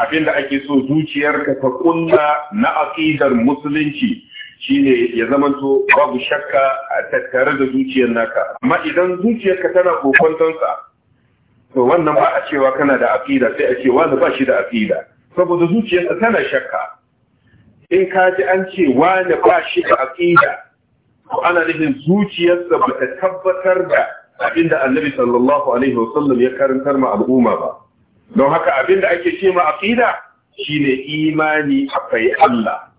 abinda ake so zuciyarka ta ƙulla na aƙidar musulunci shine ya zamanto babu shakka a tattare da zuciyar naka amma idan zuciyarka tana kokontonsa to wannan ba a cewa kana da aƙida sai a cewa wani ba da aƙida saboda zuciyarsa tana shakka in ka ji an ce wani ba shi da aƙida to ana nufin zuciyarsa ba ta tabbatar da abinda annabi sallallahu alaihi wasallam ya karantar ma al'umma ba don haka abinda ake ce ma aƙida shine imani akwai Allah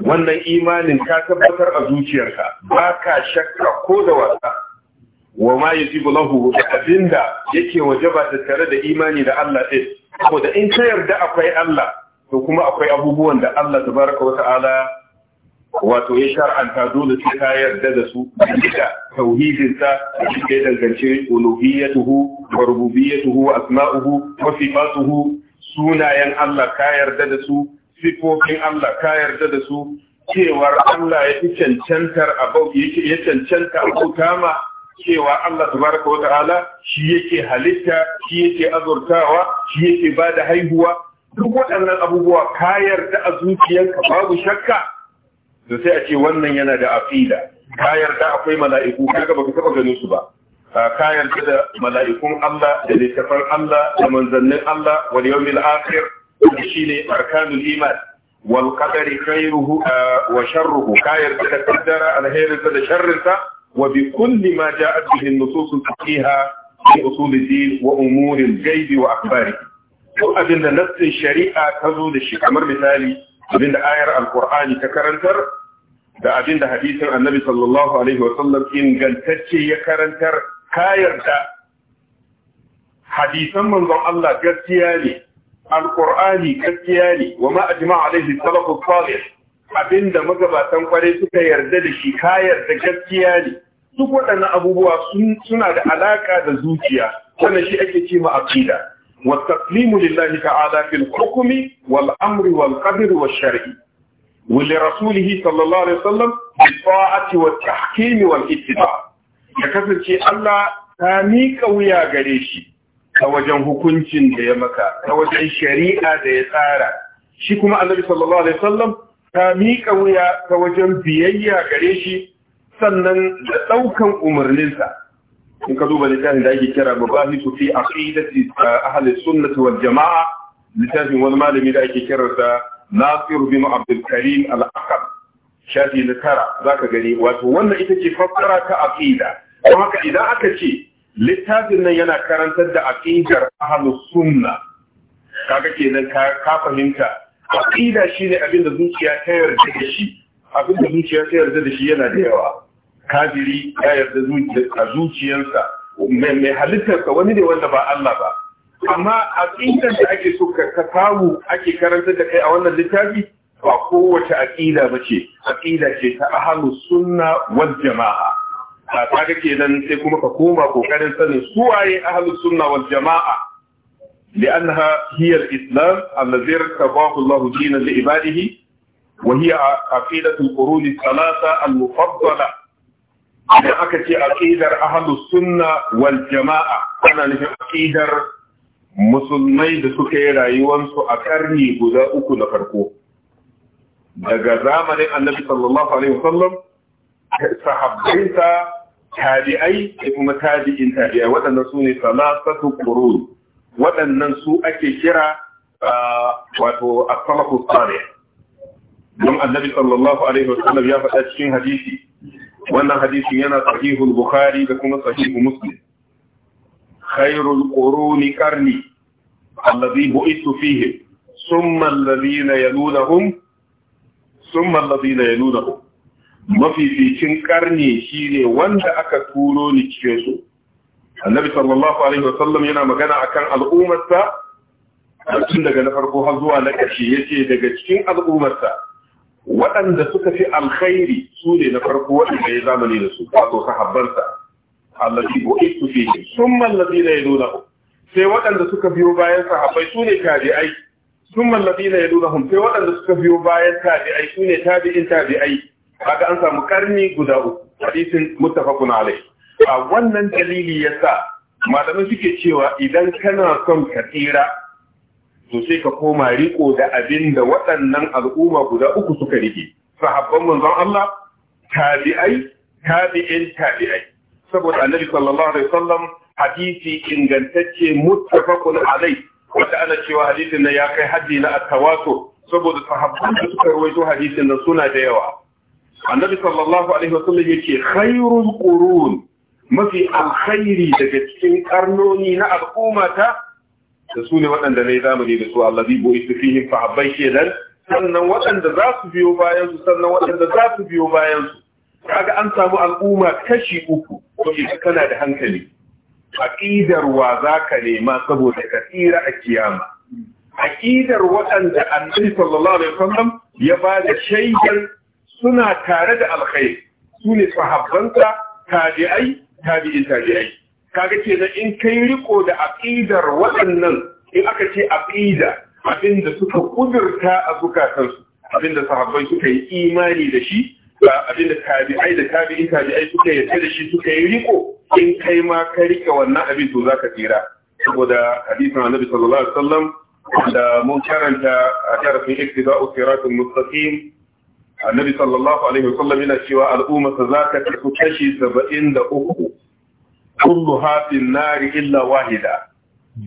wannan imanin ka tabbatar a zuciyarka baka shakka ko da wasa wa ma yajibu lahu abinda yake ba tattare da imani da Allah din saboda in ka yarda akwai Allah to kuma akwai abubuwan da Allah tabaraka wata'ala wato ya shar'anta dole sai ka yarda da su da tauhidin sa da dangance uluhiyyatuhu wa rububiyyatuhu wa asma'uhu wa sifatuhu sunayen Allah ka yarda da su sifofin Allah ka yarda da su cewar Allah ya fi cancantar abau ya cancanta abuta ma cewa Allah tabaraka wata'ala shi yake halitta shi yake azurtawa shi yake bada haihuwa duk waɗannan abubuwa kayar ta a zuciyarka babu shakka Da sai a ce wannan yana da asida. Kayar ta akwai mala'iku kaga baka taba ganin su ba Kayar ta da mala'ikun Allah da littafan Allah da manzannin Allah wal yawmil akhir shine arkanul iman wal qadari khairuhu wa sharruhu ka yarda da qaddara alkhairin da sharrin sa wa bi kulli ma ja'at bihi an-nusus fiha fi usul ad-din wa umur al-ghaib wa akhbarihi duk abin da nassin shari'a ta zo da shi kamar misali abin da ayar alkur'ani ta karantar da abin da hadisin annabi sallallahu alaihi wa sallam ingantacce ya karantar kayar da hadisan manzon Allah gaskiya ne alkur'ani gaskiya ne wa ma ajma alaihi salafu salih abinda magabatan kware suka yarda da shi kayar da gaskiya ne duk waɗannan abubuwa suna da alaka da zuciya wannan shi ake ma aqida والتسليم لله تعالى في الحكم والأمر والقدر والشرع ولرسوله صلى الله عليه وسلم بالطاعة والتحكيم والاتباع يكسر شيء الله تاميك ويا قريشي توجن هكونشن دي مكا توجن شريعة دي سارة شكما النبي صلى الله عليه وسلم تاميك ويا توجن بيئة قريشي sannan da ɗaukan umarninsa in ka duba littafin da ake kira mabahisu fi aqidati eh, ahli sunnati wal jamaa littafin wani malami da ake kira da Nasir bin Abdul Karim al-Aqab shafi na tara zaka gani wato wannan ita ce fassara ta aqida don haka idan aka ce littafin nan yana karantar da aqidar ahli sunna kaga kenan ka fahimta aqida shine abin da zuciya ta yarda da shi abin zuciya ta yarda da shi yana da yawa Kadiri ya yarda a zuciyarsa mai halittarsa wani ne wanda ba Allah ba amma aqidar da ake so ka samu ake karanta da kai a wannan littafi ba kowace aqida bace aqida ce ta ahlus sunna wal jamaa ba ta ga kenan sai kuma ka koma kokarin sanin su waye ahlus sunna wal jamaa لأنها هي الإسلام الذي ارتضاه الله دينا لعباده وهي عقيدة القرون الثلاثة المفضلة idan aka ce aqidar ahlus sunna wal jama'a ana nufin aqidar musulmai da suka yi rayuwarsu a karni guda uku na farko daga zamanin annabi sallallahu alaihi wasallam sahabbaita tabi'ai da kuma tabi'in tabi'ai waɗannan su ne salasatu qurun waɗannan su ake kira wato as-salafu salih don annabi sallallahu alaihi wasallam ya faɗa cikin hadisi wannan hadisin yana sahihul bukhari da kuma sahihu muslim khairul quruni qarni alladhi bu'itu fihi thumma alladhina yalunahum thumma alladhina yalunahum mafificin karni shine wanda aka turo ni cikin su annabi sallallahu alaihi wasallam yana magana akan al'ummarsa tun daga na farko har zuwa na ƙarshe yace daga cikin al'ummarsa waɗanda suka fi alkhairi su ne na farko waɗanda ya zamani da su wato sahabbansa allati bu'itu fihi summa alladhina yalunahu sai waɗanda suka biyo bayan sahabbai su ne tabi'ai summa alladhina yalunahum sai waɗanda suka biyo bayan tabi'ai su ne tabi'in tabi'ai kaga an samu karni guda uku hadisin muttafaqun alayh a wannan dalili yasa malamin suke cewa idan kana son ka tsira to sai ka koma riko da abin da waɗannan al'umma guda uku suka rike sahabban manzon Allah tabi'ai tabi'in tabi'ai saboda annabi sallallahu alaihi wasallam hadisi ingantacce muttafaqun alai wata ana cewa hadisin nan ya kai haddi na at-tawatur saboda sahabban da suka rawaito hadisin nan suna da yawa annabi sallallahu alaihi wasallam yace khairul qurun mafi alkhairi daga cikin karnoni na al'ummata da su ne waɗanda na yi zamani da su allazi bo isu fihim fa kenan sannan waɗanda za su biyo bayan su sannan waɗanda za su biyo bayan su kaga an samu al'umma kashi uku to kana da hankali aqidar wa zaka nema saboda ka tsira a kiyama aqidar waɗanda annabi sallallahu alaihi wasallam ya ba da shaidar suna tare da alkhairi su ne sahabbansa tabi'ai tabi'in tabi'ai kaga kenan in kai riko da aqidar waɗannan in aka ce aqida abin da suka kudurta a zukatansu abin da sahabbai suka yi imani da shi abin da tabi'ai da tabi'in tabi'ai suka yarda da shi suka yi riko in kai ma ka rike wannan abin to zaka tsira saboda hadisin annabi sallallahu alaihi wasallam da mun karanta a tarafin iktida'u siratul mustaqim annabi sallallahu alaihi wasallam yana cewa al'umma za ta kasu kashi 73 kullu hafin nari illa wahida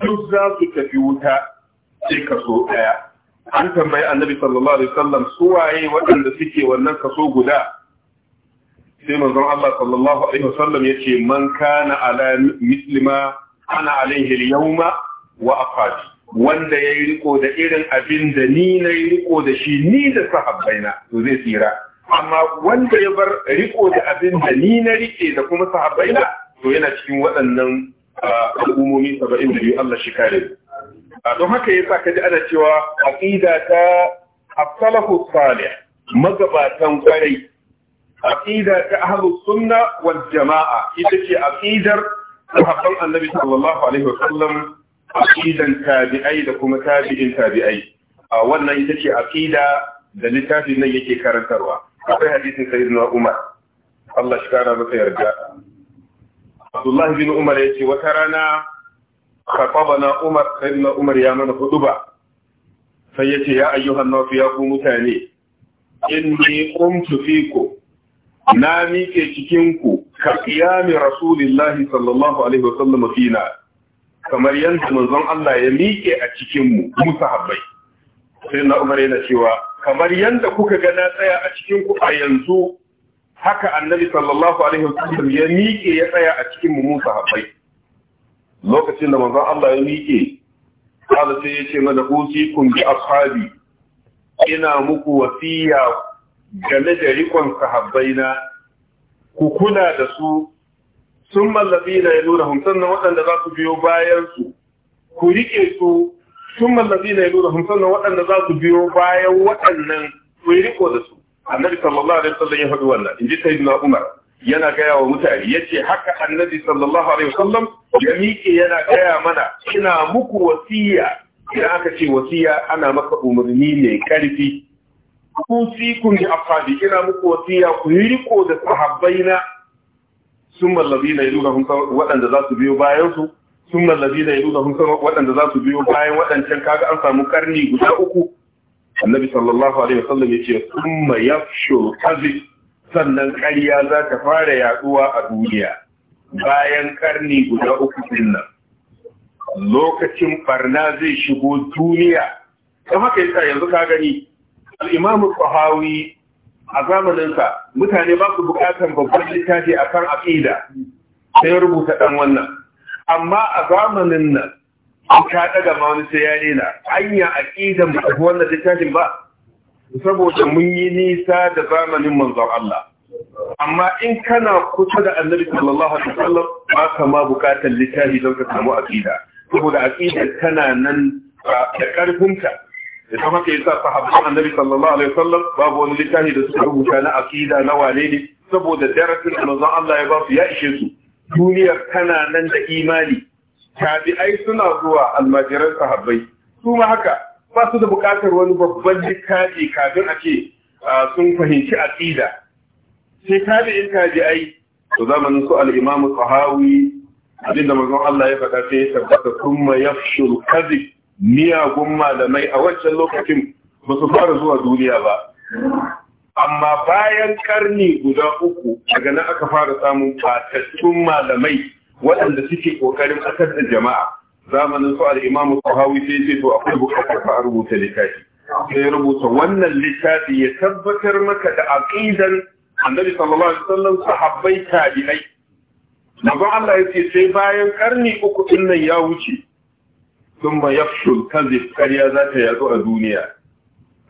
duk za su tafi wuta sai kaso ɗaya an tambayi annabi sallallahu alaihi wasallam waye waɗanda suke wannan kaso guda sai manzon Allah sallallahu alaihi wasallam yace man kana ala muslima ana alaihi al-yawma wa afadi wanda yayi riko da irin abin da ni nayi riko da shi ni da sahabbaina to zai tsira amma wanda ya bar riko da abin da ni na rike da kuma sahabbaina to yana cikin waɗannan al'ummomi saba'in da biyu Allah shi kare don haka ya ka ji ana cewa aqida ta as magabatan kwarai aqida ta ahlus sunna wal jama'a ita ce aqidar sahabban annabi sallallahu alaihi wasallam aqidan tabi'ai da kuma tabi'in tabi'ai wannan ita ce aqida da littafin nan yake karantarwa akwai hadisin sayyidina Umar Allah shi kara masa yarda abdullahi bin umar ya ce wata rana na umar na umar ya mana huduba sai ya ce ya ayyuhan nasu ya ku mutane inni qumtu fiku na miƙe cikinku ka qiyami rasulillahi sallallahu alaihi wasallam fina kamar yadda manzon Allah ya miƙe a cikinmu mu sahabbai sai na umar yana cewa kamar yadda kuka ga na tsaya a cikin ku a yanzu haka annabi sallallahu alaihi wasallam ya miƙe ya tsaya a cikin mu musa habbai lokacin da manzon Allah ya miƙe Allah sai ya ce mana kun bi ashabi ina muku wasiya game da rikon sahabbaina ku kula da su sun mallabi na ya nuna hamsin na waɗanda za su biyo bayansu ku riƙe su sun mallabi na ya nuna hamsin na waɗanda za su biyo bayan waɗannan ku yi riko da su annabi sallallahu alaihi wasallam ya faɗi wannan inji sayyidina umar yana gaya wa mutane yace haka annabi sallallahu alaihi wasallam ya miƙe yana gaya mana ina muku wasiya idan aka ce wasiya ana maka umarni mai karfi usikum bi ashabi ina muku wasiya ku yi riko da sahabbaina summa alladhina yalunahum waɗanda za su biyo bayan su summa alladhina yalunahum waɗanda za su biyo bayan waɗancan kaga an samu karni guda uku annabi sallallahu alaihi wasallam yace kuma yafshul kazi sannan ƙarya za ta fara yaduwa a duniya bayan karni guda uku din nan lokacin barna zai shigo duniya don haka yasa yanzu ka gani al-imam qahawi a zamaninsa mutane ba su bukatan babban littafi akan aqida sai rubuta dan wannan amma a zamanin nan in ka daga ma wani sai ya rena anya aqidan mu tafi wannan littafin ba saboda mun yi nisa da zamanin manzon Allah amma in kana kusa da annabi sallallahu alaihi wasallam ba ka ma bukatar littafi don ka samu aqida saboda aqida tana nan da karfinta da kuma kai sa sahabban annabi sallallahu alaihi wasallam babu wani littafi da suka rubuta na aqida na wane ne saboda darasin da manzon Allah ya ba su ya ishe su duniyar tana nan da imani tabi'ai suna zuwa almajiran sahabbai su ma haka ba su da bukatar wani babban littafi kafin a ce sun fahimci aqida sai tabi'in tabi'ai to zamanin su al-imam sahawi abinda manzon Allah ya faɗa sai ya tabbata kuma yafshul kadhib miyagun malamai a wancan lokacin ba su fara zuwa duniya ba amma bayan karni guda uku daga nan aka fara samun fatattun malamai waɗanda suke ƙoƙarin ƙasar da jama'a zamanin su al'imamu sahawi sai ce to akwai bukatar fa rubuta littafi sai ya rubuta wannan littafi ya tabbatar maka da aƙidan annabi sallallahu alaihi wasallam sahabbai tabi'ai manzon Allah ya ce sai bayan karni uku din nan ya wuce thumma yafshul kadhib karya za ta yazo a duniya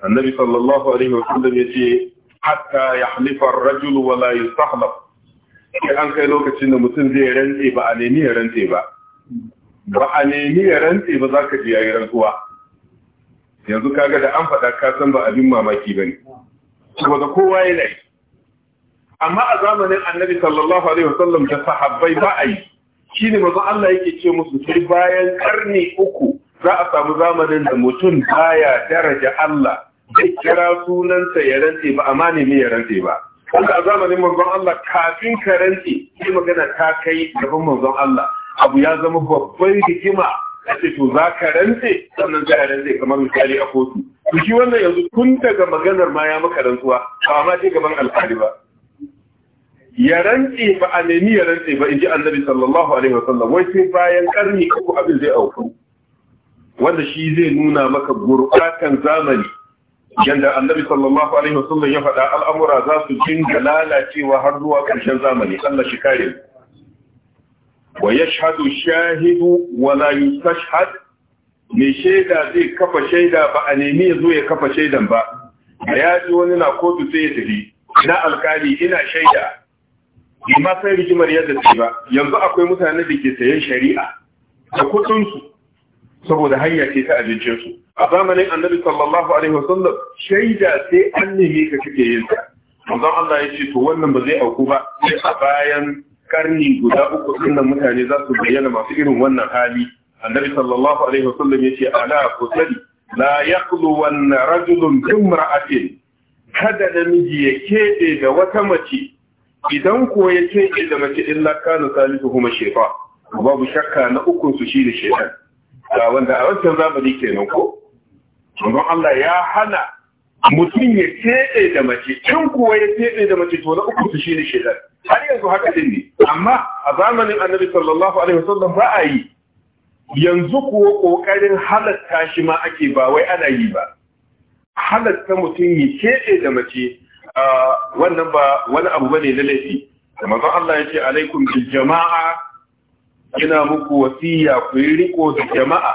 annabi sallallahu alaihi wasallam ya ce hatta yahlifa ar-rajulu wa la sai an kai lokacin da mutum zai rantse ba a nemi ya rantse ba ba a nemi ya rantse ba za ka ji yayi rantsuwa yanzu kaga da an faɗa ka san ba abin mamaki ba ne. saboda kowa yana yi amma a zamanin annabi sallallahu alaihi wasallam da sahabbai ba a yi shine mazan Allah yake ce musu sai bayan karni uku za a samu zamanin da mutum baya daraja Allah zai kira sunansa ya rantse ba amma ne ya rantse ba wanda a zamanin manzon Allah kafin ka rantse magana ta kai gaban manzon Allah abu ya zama babban hikima a ce to za ka rantse sannan za a rantse kamar misali a kotu to shi wannan yanzu tun daga maganar ma ya maka rantsuwa ba ma ce gaban alƙali ba ya rantse ba a nemi ya rantse ba in ji annabi sallallahu alaihi sallam. wai sai bayan karni uku abin zai auku wanda shi zai nuna maka gurbatan zamani yanda annabi sallallahu alaihi wasallam ya faɗa al'amura za su dinga lalacewa har zuwa ƙarshen zamani Allah shi wa yashhadu shahidu wa la yustashhad me shaida zai kafa shaida ba a nemi ya zo ya kafa shaidan ba ya ji wani na kotu sai ya tafi na alkali ina shaida amma sai rigimar yadda ce ba yanzu akwai mutane da ke sayan shari'a da kudinsu saboda hanya ce ta abincin su a zamanin annabi sallallahu alaihi wasallam shaida sai an nemi ka kake yin ta manzon Allah ya ce to wannan ba zai auku ba sai a bayan karni guda uku dinnan mutane za su bayyana masu irin wannan hali annabi sallallahu alaihi wasallam ya ce ala kusali la yaqlu wan rajulun bi kada namiji ya keɓe da wata mace idan ko ya keɓe da mace illa kana salisu kuma shefa babu shakka na ukun su shi da shefa wanda a wancan zamani kenan ko don Allah ya hana mutum ya teɗe da mace tun kuwa ya teɗe da mace to na uku su shine shedan har yanzu haka din ne amma a zamanin annabi sallallahu alaihi wasallam ba a yi yanzu kuwa kokarin halatta shi ma ake ba wai ana yi ba halatta mutum ya teɗe da mace wannan ba wani abu bane na laifi da Allah ya ce alaikum bil jama'a ina muku wasiya ku yi riko da jama'a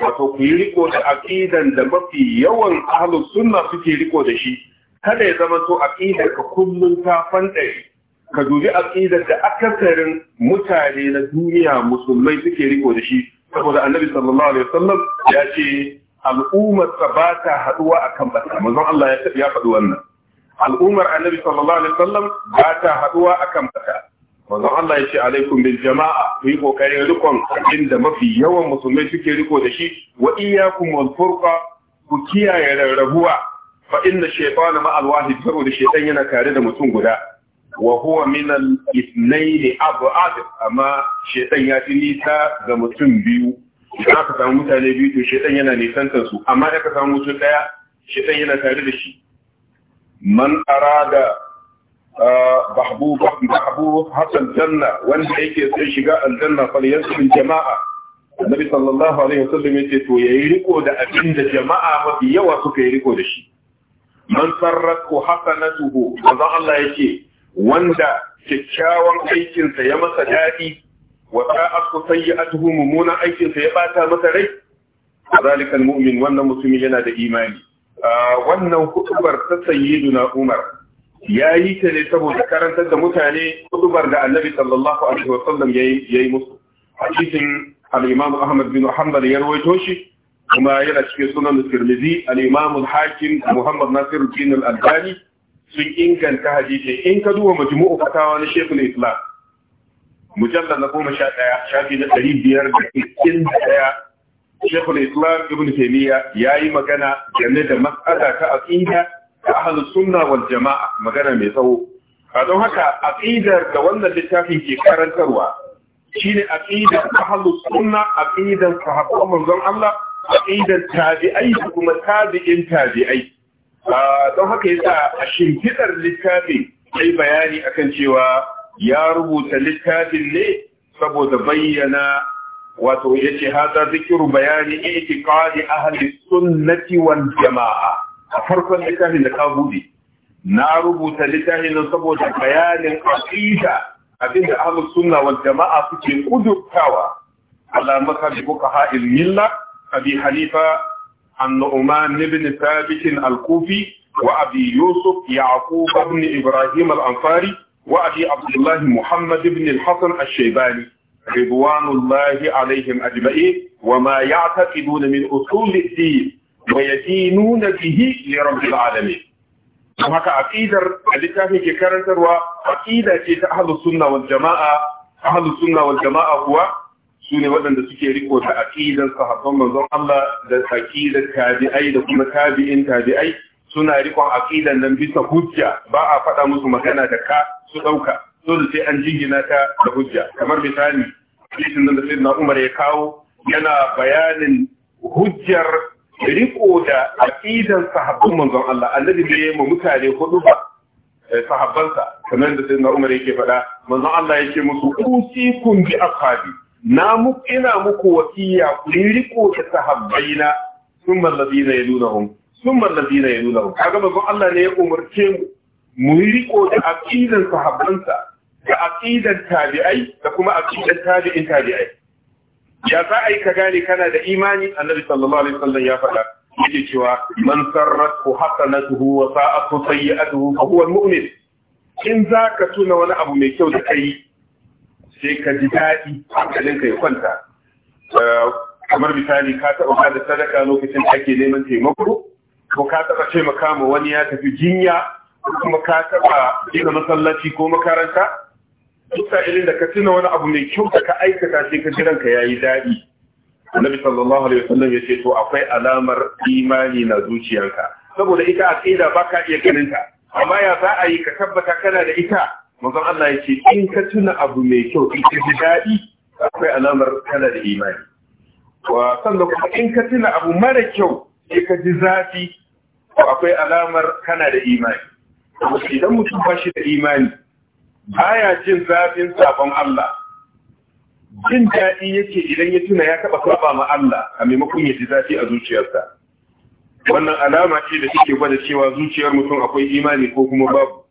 wato ku yi riko da aqidan da mafi yawan ahlus sunna suke riko da shi kada ya zama to aqidar ka kullun ta fandare ka dubi aqidar da akasarin mutane na duniya musulmai suke riko da shi saboda annabi sallallahu alaihi wasallam ya ce al'ummar ba ta haduwa akan bata manzon Allah ya ya faɗi wannan al'ummar annabi sallallahu alaihi wasallam ba ta haduwa akan bata Wanzan Allah ya ce alaikum bil jama'a ku yi kokarin rikon inda mafi yawan musulmai suke riko da shi wa iyyakum wal furqa ku kiyaye rarrabuwa fa inna shaytana ma'al wahid saboda shaytan yana tare da mutum guda wa huwa min al ithnayn ab'ad amma shaytan ya fi nisa ga mutum biyu idan aka samu mutane biyu to shaytan yana nisantar su amma idan aka samu mutum daya shaytan yana tare da shi man arada bahbu bahbu hasan janna wanda yake sai shiga aljanna fal yasbil jama'a annabi sallallahu alaihi wasallam yace to yayi riko da abin da jama'a mafi yawa suka yi riko da shi man sarratu hasanatuhu manzo Allah yake wanda kyakkyawan aikinsa ya masa daɗi wa sa'atu sayyi'atuhu mummunan aikinsa ya bata masa rai zalika almu'min wannan mutumin yana da imani wannan huɗubar ta sayyiduna Umar ya yi ta ne saboda karantar da mutane kudubar da annabi sallallahu alaihi sallam. ya yi musu hadisin al-imam ahmad bin hanbal ya rawaito shi kuma yana cikin sunan tirmidhi al-imam al-hakim muhammad nasir bin al-albani sun inganta hadisi in ka duba majmu'u fatawa na shaykhul islam mujallad na goma sha ɗaya shafi na ɗari biyar da cikin ɗaya shaykhul islam ibn taymiya ya yi magana game da mas'ala ta aqida da ahlus sunna wal jama'a magana mai tsawo a don haka aqidar da wannan littafin ke karantarwa shine aqidar ahlus sunna aqidar sahabban manzon Allah aqidar tabi'ai da kuma tabi'in tabi'ai don haka yasa a shimfidar littafin sai bayani akan cewa ya rubuta littafin ne saboda bayyana wato yace hada zikiru bayani i'tiqadi ahli sunnati wal jama'a a farkon littafin da ka bude na rubuta littafin nan saboda bayanin aqida abinda ahlus sunna wal jama'a suke kudurtawa ala mazhabi fuqaha al milla abi hanifa an nu'man ibn thabit al kufi wa abi yusuf yaqub ibn ibrahim al ansari وأبي عبد الله محمد بن الحسن الشيباني رضوان الله عليهم أجمعين وما يعتقدون من الدين wa yadinuna bihi li rabbil alamin kuma haka aqidar littafi ke karantarwa aqida ce ta ahlus sunna jamaa jamaa kuwa sune waɗanda suke riko da aqidar sahabban manzon Allah da aƙidar tabi'ai da kuma tabi'in tabi'ai suna rikon aƙidar nan bisa hujja ba a faɗa musu magana da ka su ɗauka so da sai an jingina ta da hujja kamar misali hadisin da sayyidina Umar ya kawo yana bayanin hujjar riko da aqidan sahabban manzon Allah annabi ne ya mutane hudu ba eh, sahabbansa kamar da sayyidina Umar yake faɗa manzon Allah yake musu usikum bi ashabi na muku ina muku wasiya ku riko da sahabbaina thumma alladhina yalunahum thumma alladhina yalunahum kaga manzon Allah ne ya umarce mu mu riko da aqidan sahabbansa da aqidan tabi'ai da kuma aqidan tabi'in tabi'ai ya za a yi ka gane kana da imani annabi sallallahu alaihi wasallam ya faɗa yake cewa man sarratu hasanatuhu wa sa'atu sayyi'atuhu fa huwa mu'min in za ka tuna wani abu mai kyau da kai sai ka ji daɗi hankalin ka ya kwanta eh, kamar misali ka taɓa ba da sadaka lokacin da ake neman taimako ko ka taɓa taimaka ma wani ya tafi jinya ko kuma ka taɓa gina masallaci ko makaranta duk irin da ka tuna wani abu mai kyau da ka aikata sai ka ji ranka yayi daɗi annabi sallallahu alaihi wasallam yace to akwai alamar imani na zuciyarka. saboda ita aqida baka iya ganin ta amma ya za a yi ka tabbata kana da ita manzon Allah yace in ka tuna abu mai kyau in ka ji daɗi akwai alamar kana da imani wa sannan kuma in ka tuna abu mara kyau sai ka ji zafi akwai alamar kana da imani idan mutum ba shi da imani baya jin zafin sabon Allah jin daɗi yake idan ya tuna ya taɓa saba ma Allah a maimakon ya ji zafi a zuciyarsa wannan alama ce da suke gwada cewa zuciyar mutum akwai imani ko kuma babu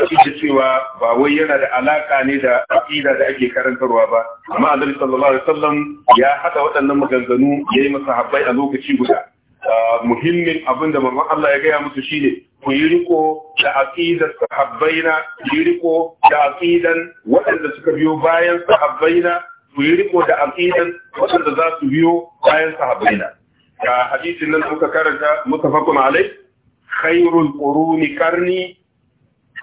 a cikin cewa ba wai yana da alaƙa ne da aƙida da ake karantarwa ba amma Annabi sallallahu alaihi wasallam ya haɗa waɗannan maganganu yayi habbai a lokaci guda Ah, muhimmin abin da manzon Allah ya gaya musu shine ku yi riko da aqidar sahabbaina ku yi riko da aqidan waɗanda suka biyo bayan na. ku yi riko da aqidan waɗanda za su biyo bayan sahabbaina ga hadisin nan muka karanta mutafakun alai khairul quruni qarni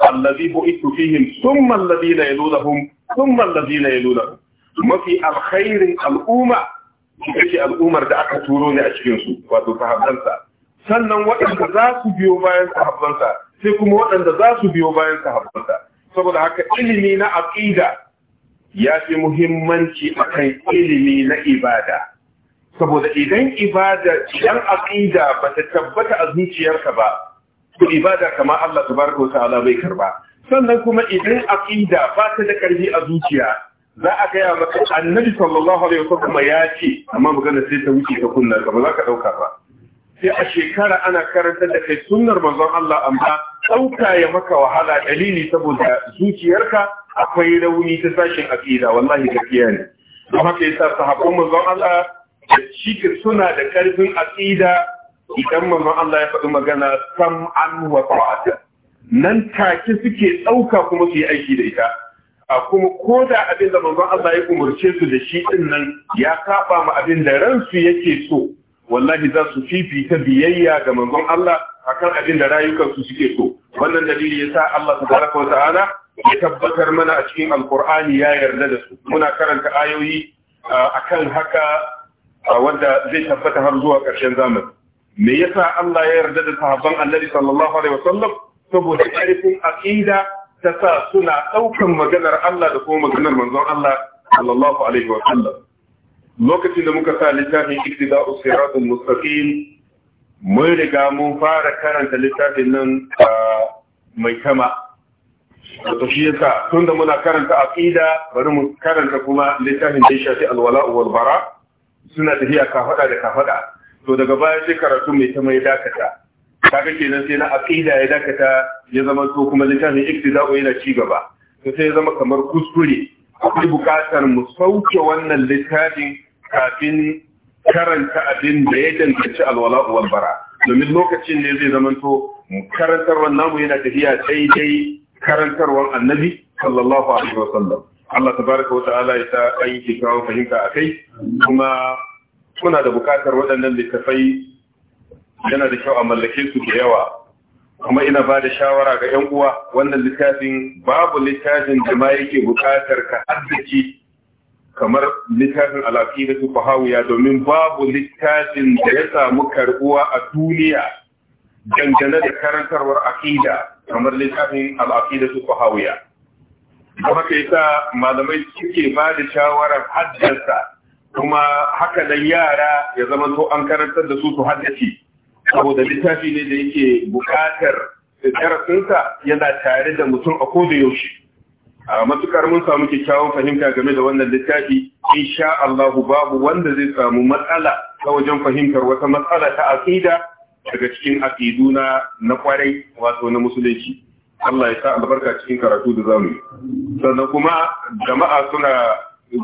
allazi bu'itu fihim thumma alladhina yalunahum thumma alladhina yalunahum mafi alkhairin al'umma ita al'ummar da aka turo ne a cikinsu wato sahabbansa sannan waɗanda za su biyo bayan sahabbansa sai kuma waɗanda za su biyo bayan sahabbansa saboda haka ilimi na aƙida ya fi muhimmanci akan ilimi na ibada saboda idan ibada idan aƙida ba ta tabbata a zuciyarka ba to ibada kama Allah tabaraka wa ta'ala bai karba sannan kuma idan aƙida ba ta da ƙarfi a zuciya za a gaya maka annabi sallallahu alaihi wasallam ya ce amma magana sai ta wuce ka kunna, ka ba za ka dauka ba sai a shekara ana karanta da kai sunnar manzon Allah amma dauka ya maka wahala dalili saboda zuciyarka akwai rauni ta sashin aqida wallahi gaskiya ne don haka sa, sahabban manzon Allah shi suna da karfin aqida idan manzon Allah ya faɗi magana sam'an wa ta'ata nan take suke dauka kuma su yi aiki da ita kuma ko da abin da manzon Allah ya umarce su da shi din nan ya saba ma abin da ransu yake so wallahi za su fifita biyayya ga manzon Allah akan abin da rayukansu suke so wannan dalili yasa Allah tabaraka wa ta'ala ya tabbatar mana a cikin alkur'ani ya yarda da su muna karanta ayoyi akan haka wanda zai tabbata har zuwa ƙarshen zamani me yasa Allah ya yarda da sahabban Annabi sallallahu alaihi wasallam saboda ƙarfin aqida ta sa suna ɗaukan maganar Allah da kuma maganar manzon Allah sallallahu alaihi wa sallam lokacin da muka sa littafin iktida'u siratul mustaqim mun riga mun fara karanta littafin nan a mai kama wato shi yasa tunda muna karanta aqida bari mu karanta kuma littafin da ya shafi alwala wal bara suna tafiya kafaɗa da kafaɗa, to daga baya sai karatu mai ta mai dakata kaga kenan sai na aƙida ya dakata ya zama to kuma littafin iktida'u yana ci gaba to sai ya zama kamar kuskure akwai buƙatar mu sauke wannan littafin kafin karanta abin da ya danganci alwala uwar bara domin lokacin ne zai zama to karantarwar namu yana tafiya daidai karantarwar annabi sallallahu alaihi wasallam Allah tabaraka wa ta'ala ya sa an yi kawo fahimta akai kuma muna da bukatar waɗannan littafai yana da kyau a mallake su da yawa kuma ina ba da shawara ga 'yan uwa wannan littafin babu littafin da ma yake bukatar ka arziki kamar littafin alaƙi da su bahawiya domin babu littafin da ya samu karɓuwa a duniya dangane da karantarwar aƙida kamar littafin alaƙi da su bahawiya kuma ka yasa malamai suke ba da shawarar haddasa kuma haka nan yara ya zama so an karantar da su su haddace saboda littafi ne da yake buƙatar darasinsa yana tare da mutum a ko da yaushe a matukar mun samu kyakkyawan fahimta game da wannan littafi insha Allah babu wanda zai samu matsala ta wajen fahimtar wata matsala ta aqida daga cikin aqidu na na kwarai wato na musulunci Allah ya sa albarka cikin karatu da zamu sannan kuma jama'a suna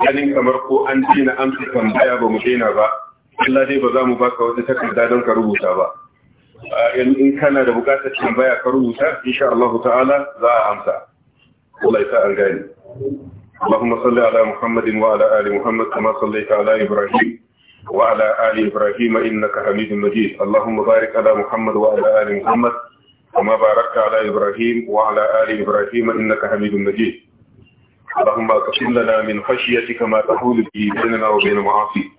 ganin kamar ko an dina amsa tambaya ba mu daina ba Allah dai ba za mu baka wata takarda don ka rubuta ba. In kana da bukatar tambaya ka rubuta, insha Allah ta'ala za a amsa. Allah ya an gani. Allahumma salli ala Muhammadin wa ala ali Muhammad kama sallaita ala Ibrahim wa ala ali Ibrahim innaka Hamidum Majid. Allahumma barik ala Muhammad wa ala Muhammad kama barakta ala Ibrahim wa ala ali Ibrahim innaka Hamidum Majid. اللهم اقسم لنا من خشيتك ما تحول به بيننا وبين معاصيك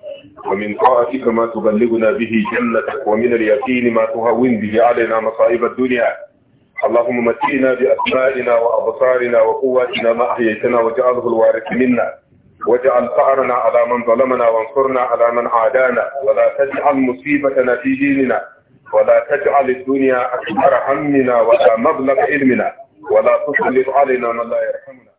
ومن طاعتك ما تبلغنا به جنتك ومن اليقين ما تهون به علينا مصائب الدنيا اللهم متئنا بأسمائنا وأبصارنا وقواتنا ما أحييتنا وجعله الوارث منا واجعل ثأرنا على من ظلمنا وانصرنا على من عادانا ولا تجعل مصيبتنا في ديننا ولا تجعل الدنيا أكبر همنا ولا مبلغ علمنا ولا تسلط علينا من لا يرحمنا